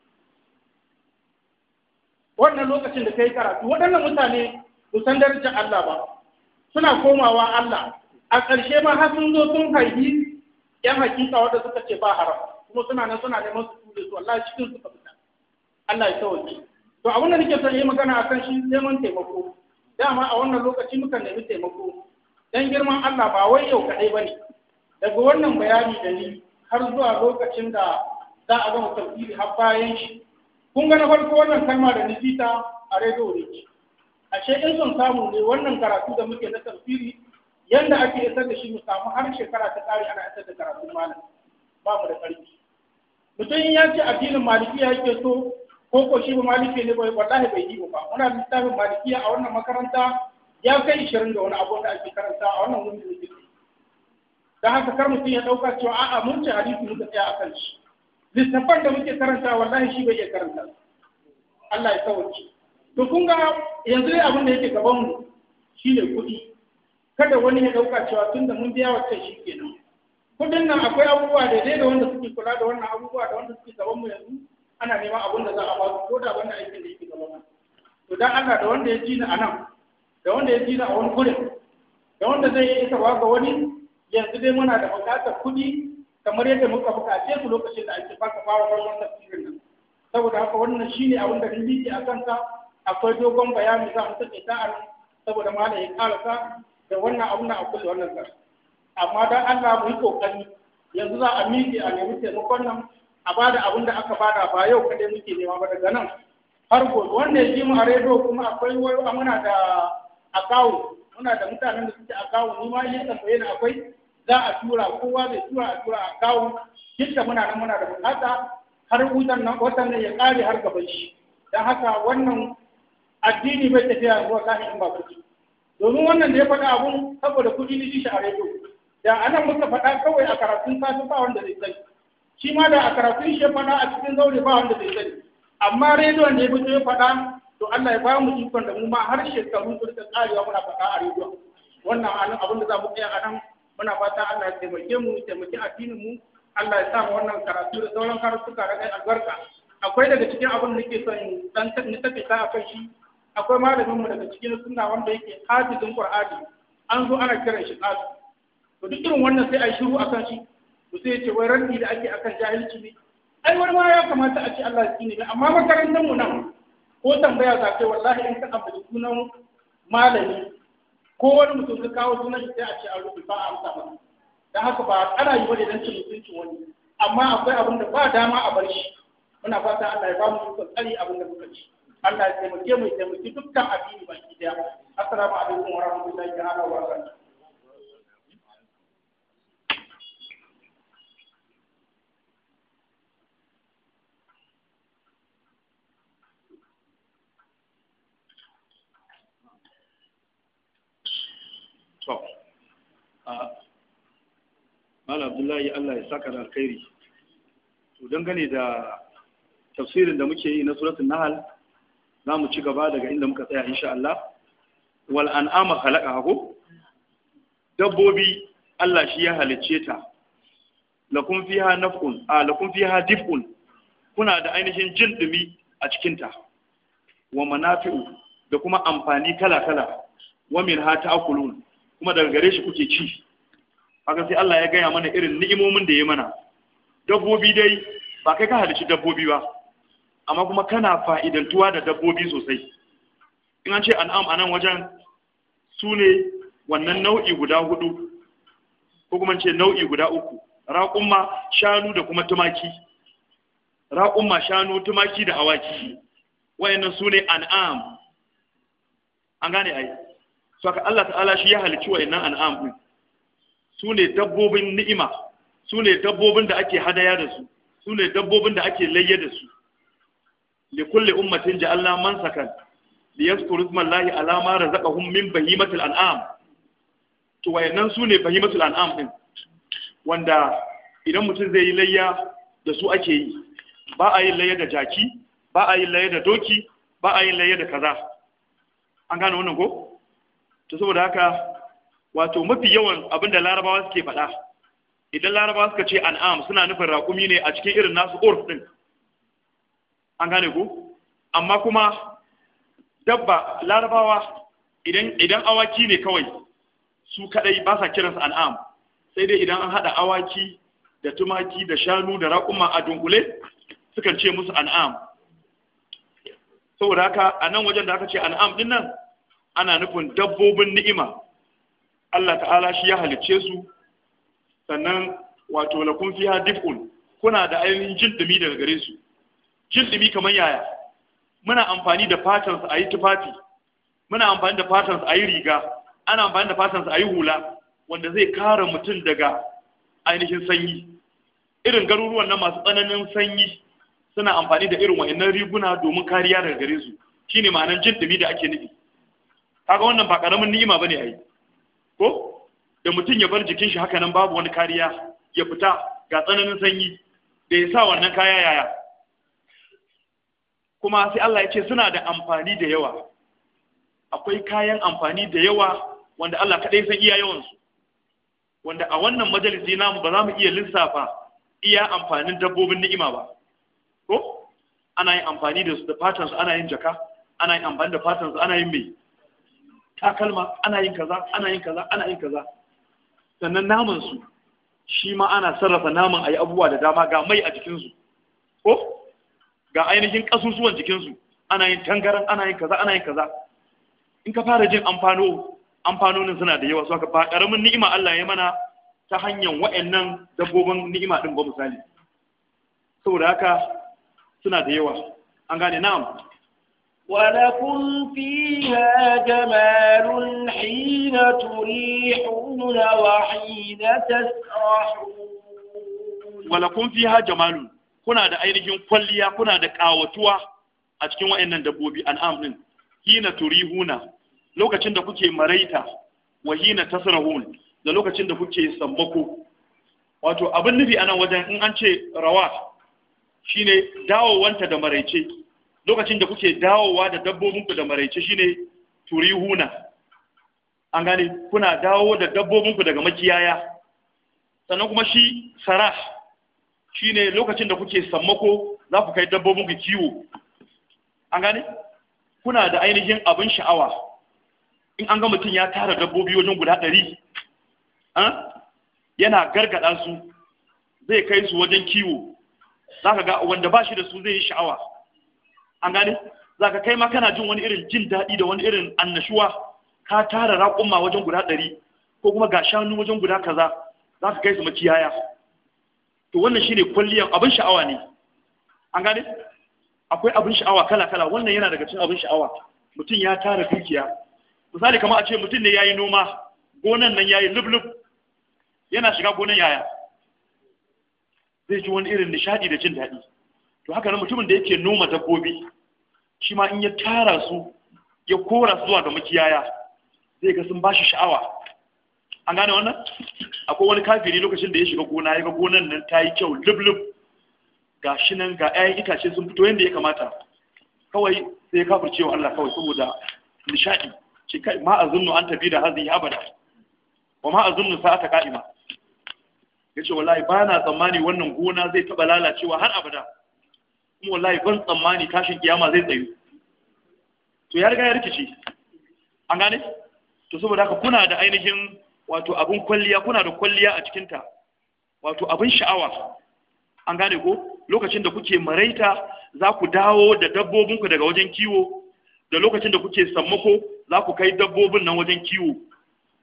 wannan lokacin da ka yi karatu waɗannan mutane san darajar Allah ba suna komawa Allah a ƙarshe ma har sun zo sun haifi yan hakika wanda suka ce ba haram kuma suna nan suna neman su tule su wallahi cikin suka fita Allah ya tawaki to abin da nake son yi magana akan shi neman taimako dama a wannan lokaci muka nemi taimako dan girman Allah ba wai yau kadai bane daga wannan bayani da ni har zuwa lokacin da za a gama tafsiri har bayan shi kun ga na farko wannan kalma da ni a rediyo ne ashe in son samu ne wannan karatu da muke na tafsiri yanda ake isar da shi mu samu har shekara ta tsari ana isar da karatun malam ba mu da ƙarfi mutum ya ce addinin malikiya yake so ko ko shi ba maliki ne bai wallahi bai yi ba muna littafin malikiya a wannan makaranta ya kai shirin da wani abu da ake karanta a wannan wurin da yake dan haka kar mutum ya ɗauka cewa a'a mun ce hadisi muka tsaya a kan shi littafin da muke karanta wallahi shi bai iya karanta Allah ya sauke to kun ga yanzu abin da yake gaban mu shine kuɗi kada wani ya ɗauka cewa tun da mun biya wa kai shi kenan kudin nan akwai abubuwa daidai da wanda suke kula da wannan abubuwa da wanda suke gaban mu yanzu ana neman abun da za a ba ko da wannan aikin da yake gaban mu to dan Allah da wanda ya ji ni a nan da wanda ya ji ni a wani gurin da wanda zai yi ita ga wani yanzu dai muna da bukatar kuɗi kamar yadda muka bukace su lokacin da ake baka bawa wannan tafsirin nan saboda haka wannan shine abin da rin a kanta, akwai dogon bayani za mu take ta saboda malai ya karasa da wannan abin da akwai wannan zan amma dan Allah mu yi kokari yanzu za a miƙe a nemi taimakon nan a bada abun da aka bada ba yau kaɗai muke nema ba daga nan har gobe wanda ya ji mu a rediyo kuma akwai wayo muna da akawu muna da mutanen da suke akawu ni ma yi tambaye yana akwai za a tura kowa zai tura a tura akawu dukkan muna nan muna da bukata har wutan nan watan nan ya kare har gaban shi dan haka wannan addini bai tafiya zuwa kafin ba kuke domin wannan da ya faɗa abun saboda kuɗi ni shi a rediyo da anan muka faɗa kawai a karatun safi ba wanda zai sani shi ma da a karatun shi faɗa a cikin zaure ba wanda zai sani amma rediyo ne ya fito ya faɗa to Allah ya ba mu ikon da mu ma har shekaru sun ta tsarewa muna faɗa a rediyo wannan anan abin da za mu kai a nan muna fata Allah ya taimake mu taimake addinin mu Allah ya sa mu wannan karatu da sauran karatu ka da albarka akwai daga cikin abin da nake son dan ta ta a shi akwai malamin mu daga cikin sunna wanda yake hafizin qur'ani an zo ana kiran shi qazi to duk irin wannan sai a shiru akan shi to sai ce wai ranni da ake akan jahilci ne ai wani ma ya kamata a ce Allah ya ne amma makarantar mu nan ko tambaya za kai wallahi in ka ambaci sunan malami ko wani mutum ka kawo sunan shi sai a ce a rubuta a amsa masa dan haka ba ana yi wani dan cin mutunci wani amma akwai abin da ba dama a bar shi muna fata Allah ya ba mu tsari abin da muka ci Allah ya taimake mu taimaki dukkan addini baki daya assalamu alaikum wa rahmatullahi wa barakatuh Mala Abdullahi Allah ya saka da alkhairi. To dangane da tafsirin da muke yi na suratul Nahl za mu ci gaba daga inda muka tsaya insha Allah wal an'ama khalaqa dabbobi Allah shi ya halicce ta lakum fiha naf'un a lakum fiha dif'un kuna da ainihin jin dumi a cikin ta wa manafi'u da kuma amfani kala-kala wa min ha ta'kulun kuma daga gare shi kuke ci haka sai Allah ya gaya mana irin ni'imomin da ya mana dabbobi dai ba kai ka halicci dabbobi ba amma kuma kana fa'idantuwa da dabbobi sosai in an ce an'am a nan wajen su ne wannan nau'i guda hudu ko kuma ce nau'i guda uku raƙumma shanu da kuma tumaki raƙumma shanu tumaki da awaki wayannan su ne an'am an gane ai saka Allah ta'ala shi ya halicci wayannan an'am ɗin su ne dabbobin ni'ima su ne dabbobin da ake hadaya da su su ne dabbobin da ake layya da su li kulli ummatin ja'alna mansakan li yazkuru isma Allahi ala ma razaqahum min bahimatil an'am to wayannan ne bahimatul an'am din wanda idan mutum zai yi layya da su ake yi ba a yin layya da jaki ba a yin layya da doki ba a yin layya da kaza an gane wannan ko to saboda haka wato mafi yawan abinda larabawa suke faɗa idan larabawa suka ce an'am suna nufin raƙumi ne a cikin irin nasu urf din an gane ku amma kuma dabba larabawa idan awaki ne kawai su kadai ba sa kiransa an'am sai dai idan an hada awaki da tumaki da shanu da raƙuma a dunkule sukan ce musu an'am saboda haka a nan wajen da aka ce an'am din nan ana nufin dabbobin ni'ima Allah ta'ala shi ya halicce su sannan wato lakum fiha dif'un kuna da ainihin jin dumi daga gare su dimi kamar yaya muna amfani da patterns a yi tufafi muna amfani da patterns a yi riga ana amfani da patterns a yi hula wanda zai kare mutum daga ainihin sanyi irin garuruwan nan masu tsananin sanyi suna amfani da irin wa'annan riguna domin kariya daga gare su shine ma'anar jin dimi da ake nufi kaga wannan ba karamin ni'ima bane ai ko da mutum ya bar jikin shi haka nan babu wani kariya ya fita ga tsananin sanyi da ya sa wannan kaya yaya kuma sai Allah ya ce suna da amfani da yawa akwai kayan amfani da yawa wanda Allah kaɗai san iya yawansu wanda a wannan majalisi namu ba za mu iya lissafa iya amfanin dabbobin ni'ima ba ko ana yin amfani da su da fatan su ana yin jaka ana yin amfani da fatan su ana yin mai takalma ana yin kaza ana yin kaza ana yin kaza sannan naman su shi ma ana sarrafa naman ayi abubuwa da dama ga mai a jikin su ko ga ainihin kasusuwan jikinsu ana yin tangaran ana yin kaza ana yin kaza in ka fara jin amfano amfanonin suna da yawa saka ba karamin ni'ima Allah ya mana ta hanyar wa'annan dabbobin ni'ima din ba misali saboda haka suna da yawa an gane na'am ولكم فيها جمال حين تريحون وحين تسرحون ولكم فيها جمال kuna da ainihin kwalliya kuna da ƙawatuwa a cikin wa'annan dabbobi an'am din hina turihuna lokacin da kuke maraita wa hina tasrahun da lokacin da kuke sammako wato abin nufi anan wajen in an ce rawa shine dawowanta da maraice lokacin da kuke dawowa da dabbobinku da maraice shine turihuna an gane kuna dawo da dabbobinku daga makiyaya sannan kuma shi sarah shine lokacin da kuke sammako za ku kai dabbobin ku kiwo an gane kuna da ainihin abin sha'awa in an ga mutum ya tara dabbobi wajen guda ɗari ah, yana gargada su zai kai su wajen kiwo za ka ga wanda ba shi da su zai yi sha'awa an gane za ka kai ma kana jin wani irin jin daɗi da wani irin annashuwa ka tara raƙumma wajen guda ɗari ko kuma ga shanu wajen guda kaza za ka kai su makiyaya to wannan shine kwalliyar abin sha'awa ne an gane akwai abin sha'awa kala kala wannan yana daga cikin abin sha'awa mutum ya tara dukiya misali kamar a ce mutum ne ya yi noma gonan nan yayi lublub yana shiga gonan yaya zai ji wani irin nishadi da jin daɗi to haka nan mutumin da yake noma dabbobi shi ma in ya tara su ya kora zuwa ga makiyaya zai ga sun ba shi sha'awa an gane wannan akwai wani kafiri lokacin da ya shiga gona ya ga gonan nan ta yi kyau lublub ga shi nan ga 'ya'yan itace sun fito yadda ya kamata kawai sai ya kafirce wa Allah kawai saboda nishaɗi ce kai ma azunnu an tafi da hazi bada. wa ma azunnu sa'ata qa'ima yace wallahi ba na tsammani wannan gona zai taba lalacewa har abada kuma wallahi ban tsammani tashin kiyama zai tsayu to ya riga ya rikici an gane to saboda haka kuna da ainihin wato abin kwalliya kuna da kwalliya a cikinta wato abin sha'awa an gane ko lokacin da kuke maraita za ku dawo da dabbobinku daga wajen kiwo da lokacin da kuke sammako za ku kai dabbobin nan wajen kiwo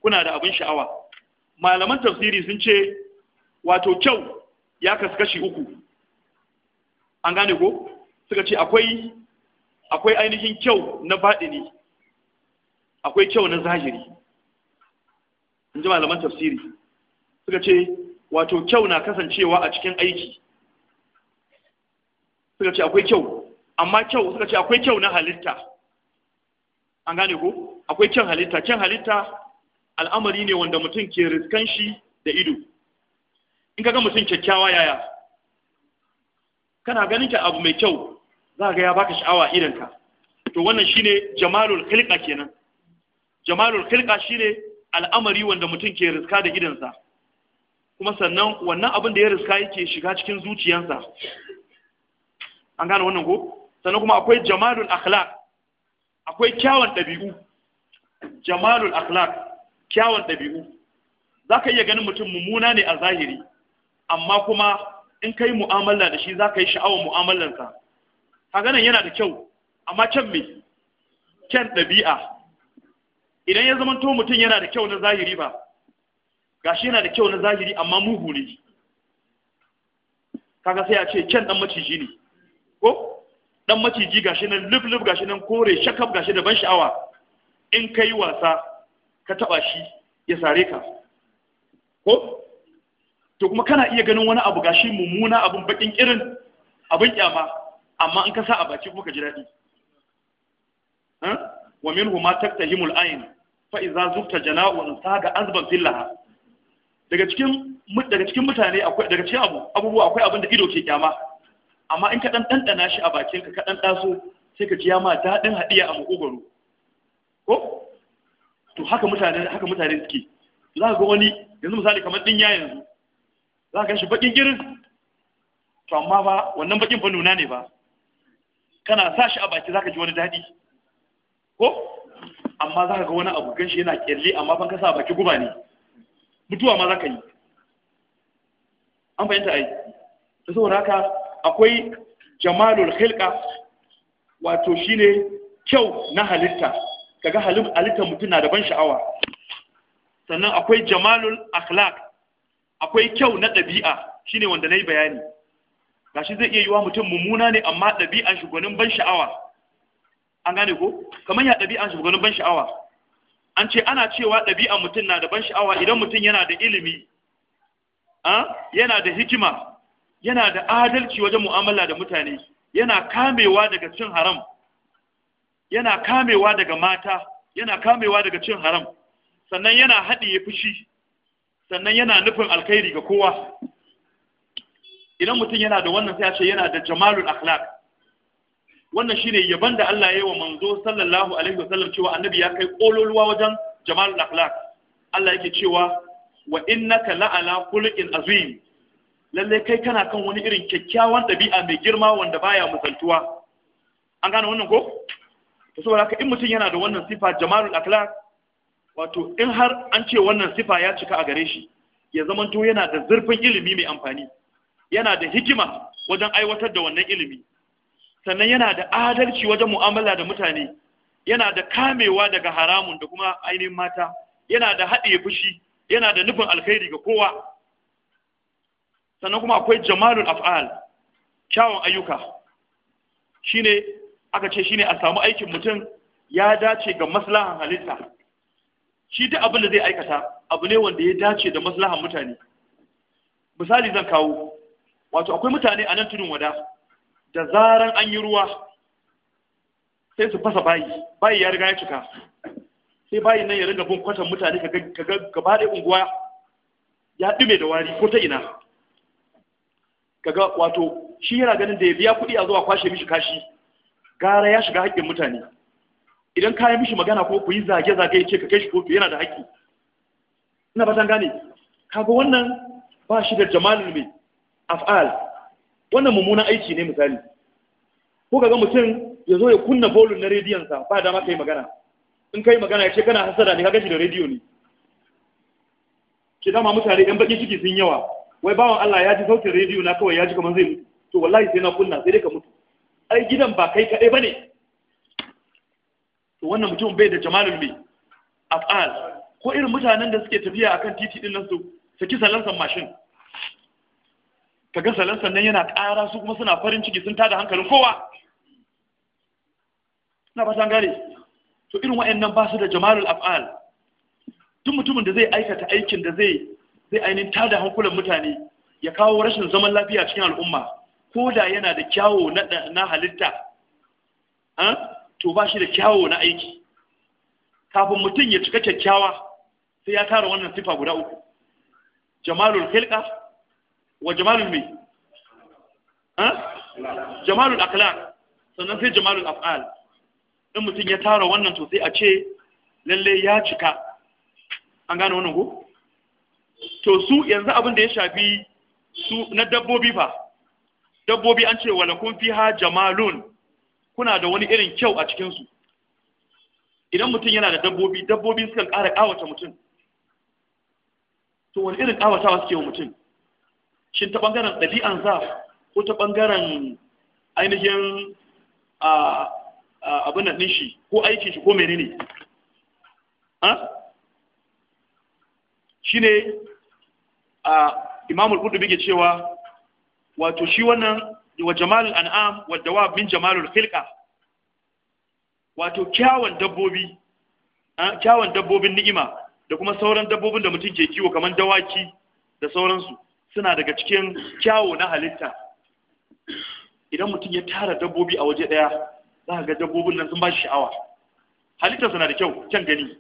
kuna da abin sha'awa malaman tafsiri sun ce wato kyau ya kaskashi uku an gane ko suka ce akwai akwai ainihin kyau na baɗini akwai kyau na zahiri in ji malaman tafsiri suka ce wato kyau na kasancewa a cikin aiki suka ce akwai kyau amma kyau suka ce akwai kyau na halitta an gane ko akwai kyan halitta kyan halitta al'amari ne wanda mutum ke riskan shi da ido in ka ga mutum kyakkyawa yaya kana ganin ka abu mai kyau za ga ya baka sha'awa irinka to wannan shine jamalul khilqa kenan jamalul khilqa shine al'amari wanda mutum ke riska da gidansa kuma sannan wannan abin da ya riska yake shiga cikin zuciyansa an gane wannan ko sannan kuma akwai jamalul akhlaq akwai kyawun ɗabi'u jamalul akhlaq kyawun ɗabi'u zaka iya ganin mutum mummuna ne a zahiri amma kuma in kai mu'amala da shi zaka yi sha'awar mu'amalarsa ka nan yana da kyau amma can me kyan ɗabi'a idan ya zama to mutum yana da kyau na zahiri ba gashi yana da kyau na zahiri amma mugu ne kaga sai a ce kyan dan maciji ne ko dan maciji gashi nan lub gashi nan kore shakab gashi da ban sha'awa in kai wasa ka taba shi ya sare ka ko to kuma kana iya ganin wani abu gashi mummuna abun bakin irin abin kyama amma in ka sa a baki kuma ka ji daɗi wa minhu ma taktahimul ayn fa iza zukta jana'un saga azban fillaha daga cikin daga cikin mutane akwai daga cikin abu abubuwa akwai abin da ido ke kyama amma in ka dan shi a bakin ka ka dan sai ka ji ya ma dadin hadiya a makogoro ko to haka mutane haka mutane suke za ga wani yanzu misali kamar din ya yanzu za ka shi bakin girin to amma ba wannan bakin fa nuna ne ba kana sa shi a baki za ka ji wani daɗi ko amma za ka ga wani abu ganshi yana kyalle amma ban kasa baki guba ne mutuwa ma za ka yi an fahimta ai da saboda haka akwai jamalul khilqa wato shine kyau na halitta kaga halitta mutum na da ban sha'awa sannan akwai jamalul akhlaq akwai kyau na ɗabi'a shine wanda na yi bayani gashi zai iya yiwa mutum mummuna ne amma ɗabi'an shi ban sha'awa an gane ko kamar ya ɗabi'an shi gwanin ban sha'awa an ce ana cewa ɗabi'an mutum na da ban sha'awa idan mutum yana da ilimi yana da hikima yana da adalci wajen mu'amala da mutane yana kamewa daga cin haram yana kamewa daga mata yana kamewa daga cin haram sannan yana haɗiye fushi sannan yana nufin alkhairi ga kowa idan mutum yana da wannan sai a ce yana da jamalul akhlaq wannan shine yaban da Allah ya yi wa manzo sallallahu alaihi wasallam cewa annabi ya kai kololuwa wajen jamalul akhlaq Allah yake cewa wa innaka la'ala khuluqin azim lalle kai kana kan wani irin kyakkyawan ɗabi'a mai girma wanda baya musaltuwa an gane wannan ko to saboda haka in mutum yana da wannan sifa jamalul akhlaq wato in har an ce wannan sifa ya cika a gare shi ya zamanto yana da zurfin ilimi mai amfani yana da hikima wajen aiwatar da wannan ilimi sannan yana da adalci wajen mu'amala da mutane yana da kamewa daga haramun da kuma ainihin mata yana da haɗe fushi yana da nufin alkhairi ga kowa sannan kuma akwai jamalul af'al kyawun ayyuka shine aka ce shine a samu aikin mutum ya dace ga maslahan halitta shi duk abin da zai aikata abu ne wanda ya dace da maslahan mutane misali zan kawo wato akwai mutane a nan tudun wada da zaran an yi ruwa sai su fasa bayi bayi ya riga ya cika sai bayi nan ya ringa bin kwatan mutane ka ga gaba da unguwa ya dume da wari ko ta ina kaga wato shi yana ganin da ya biya kuɗi a zuwa kwashe mishi kashi gara ya shiga haƙƙin mutane idan ka yi mishi magana ko ku yi zage-zage ce ka kai shi kotu yana da haƙƙi ina fatan gane kaga wannan ba shi da jamalul mai af'al wannan mummunan aiki ne misali ko kaga mutum ya zo ya kunna bolin na rediyon sa ba dama kai magana in kai magana ya ce kana hasara ne kaga shi da rediyo ne ki dama mutane yan baki ciki sun yawa wai bawan Allah ya ji sautin rediyo na kawai ya ji kamar zai mutu to wallahi sai na kunna sai dai ka mutu ai gidan ba kai kadai bane to wannan mutum bai da jamalul bi af'al ko irin mutanen da suke tafiya akan titi din nan su saki salansan mashin ka ga salon sannan yana ƙara su kuma suna farin ciki sun tada hankalin kowa na fatan gare to irin wa'annan ba su da jamalul af'al Tun mutumin da zai aikata aikin da zai zai ainihin tada hankulan mutane ya kawo rashin zaman lafiya cikin al'umma ko da yana da kyawo na halitta to ba shi da kyawo na aiki kafin mutum ya cika kyakkyawa sai ya tara wannan sifa guda uku jamalul khilqa wa jamalul mai jamalul akhlaq sannan sai jamalul af'al in mutum ya tara wannan to sai a ce lalle ya cika an gane wannan ko to su yanzu abin da ya shafi su na dabbobi fa dabbobi an ce wala kun fiha jamalun kuna da wani irin kyau a cikin su idan mutum yana da dabbobi dabbobi sukan ƙara ƙawata mutum to wani irin ƙawata suke wa mutum shin ta ɓangaren ɗabi'ansa ko ta ɓangaren ainihin abin nan shi ko aikin shi ko menene shi ne imamul kudu bige cewa wato shi wannan wa jamalul an'am wa dawab min jamalul filka wato kyawun dabbobi kyawun dabbobin ni'ima da kuma sauran dabbobin da mutum ke kiwo kamar dawaki da sauransu suna daga cikin kyawo na halitta idan mutum ya tara dabbobi a waje ɗaya za ka ga dabbobin nan sun ba shi sha'awa halittar suna da kyau kyan gani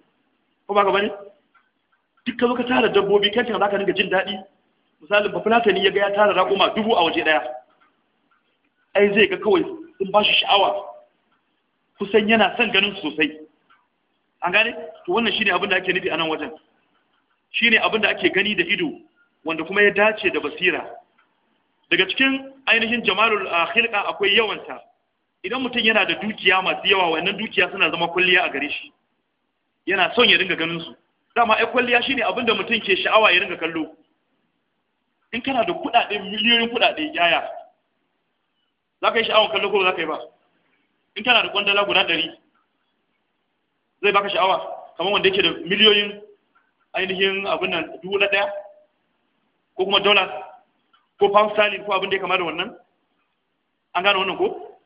ko ba ka bane duk ka zo ka tara dabbobi kan za ka dinga jin daɗi misalin ba fulatani ya ga ya tara raƙuma dubu a waje ɗaya ai zai ga kawai sun ba shi sha'awa kusan yana son ganin sosai an gane to wannan shine abin da ake nufi a nan wajen shine abin da ake gani da ido wanda kuma ya dace da basira daga cikin ainihin jamalul akhilqa ah, akwai yawanta idan mutum yana da dukiya masu yawa wannan dukiya suna zama kulliya a gare shi yana son ya ringa ganin su dama ai kulliya shine abin da mutum ke sha'awa ya ringa kallo in kana da kuɗaɗe miliyoyin kuɗaɗe yaya za ka yi sha'awa kallo ko za ka yi ba in kana da kwandala guda ɗari zai baka sha'awa kamar wanda yake da miliyoyin ainihin abin nan dubu ɗaya ko kuma Dola, ko pound sterling ko abin da ya kama da wannan an gane wannan ko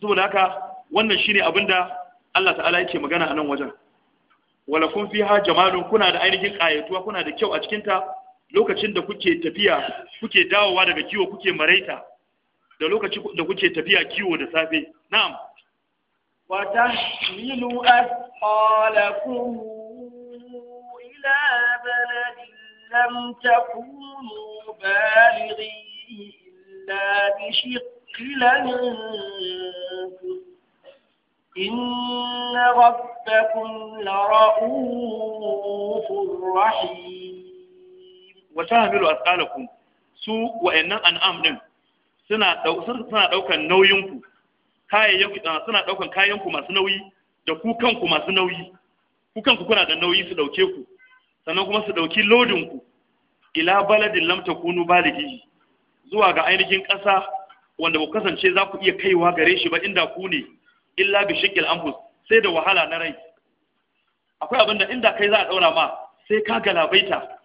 saboda haka wannan shine abin da Allah ta'ala yake magana a nan wajen wala kun fiha jamalun kuna da ainihin kayatuwa kuna da kyau a cikin ta lokacin da kuke tafiya kuke dawowa daga kiwo kuke maraita da lokacin da kuke tafiya kiwo da safe na'am wa tahmilu asqalakum ila baladi لم تكونوا بالغيه إلا بشق الأنفس إن ربكم لرؤوف رحيم وتحمل أثقالكم su wa'annan an'am din suna dauka suna daukan nauyin ku kayayyan suna daukan kayan ku masu nauyi da ku kanku masu nauyi ku kanku kuna da nauyi su dauke ku sannan kuma su ɗauki lodinku. ila baladin lamta kunu baligi zuwa ga ainihin ƙasa wanda ku kasance za ku iya kaiwa gare shi ba inda ku ne illa bi shikil anfus sai da wahala na rai akwai abin da inda kai za a ɗaura ma sai ka galabaita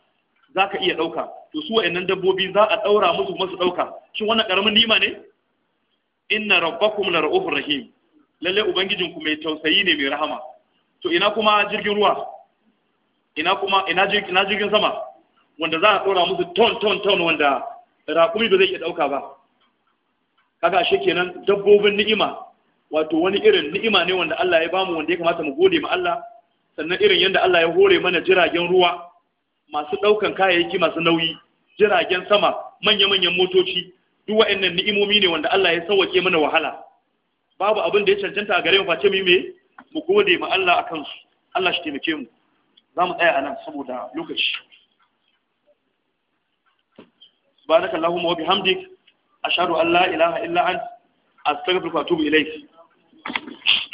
za ka iya ɗauka to su wa'annan dabbobi za a ɗaura musu masu ɗauka shin wannan ƙaramin nima ne inna rabbakum la ra'ufur rahim lalle ubangijinku mai tausayi ne mai rahama to ina kuma jirgin ruwa ina kuma ina jirgin sama wanda za a ɗora musu ton ton ton wanda raƙumi ba zai iya ɗauka ba kaga shi kenan dabbobin ni'ima wato wani irin ni'ima ne wanda Allah ya bamu wanda ya kamata mu gode ma Allah sannan irin yadda Allah ya hore mana jiragen ruwa masu ɗaukan kayayyaki masu nauyi jiragen sama manya-manyan motoci duk wa'annan ni'imomi ne wanda Allah ya sauwake mana wahala babu abin da ya cancanta a gare mu face mu me mu gode ma Allah akan su Allah shi taimake mu za mu tsaya a nan saboda lokaci na allahumma wa bihamdik a an Allah, ilaha illa anta astaghfiruka wa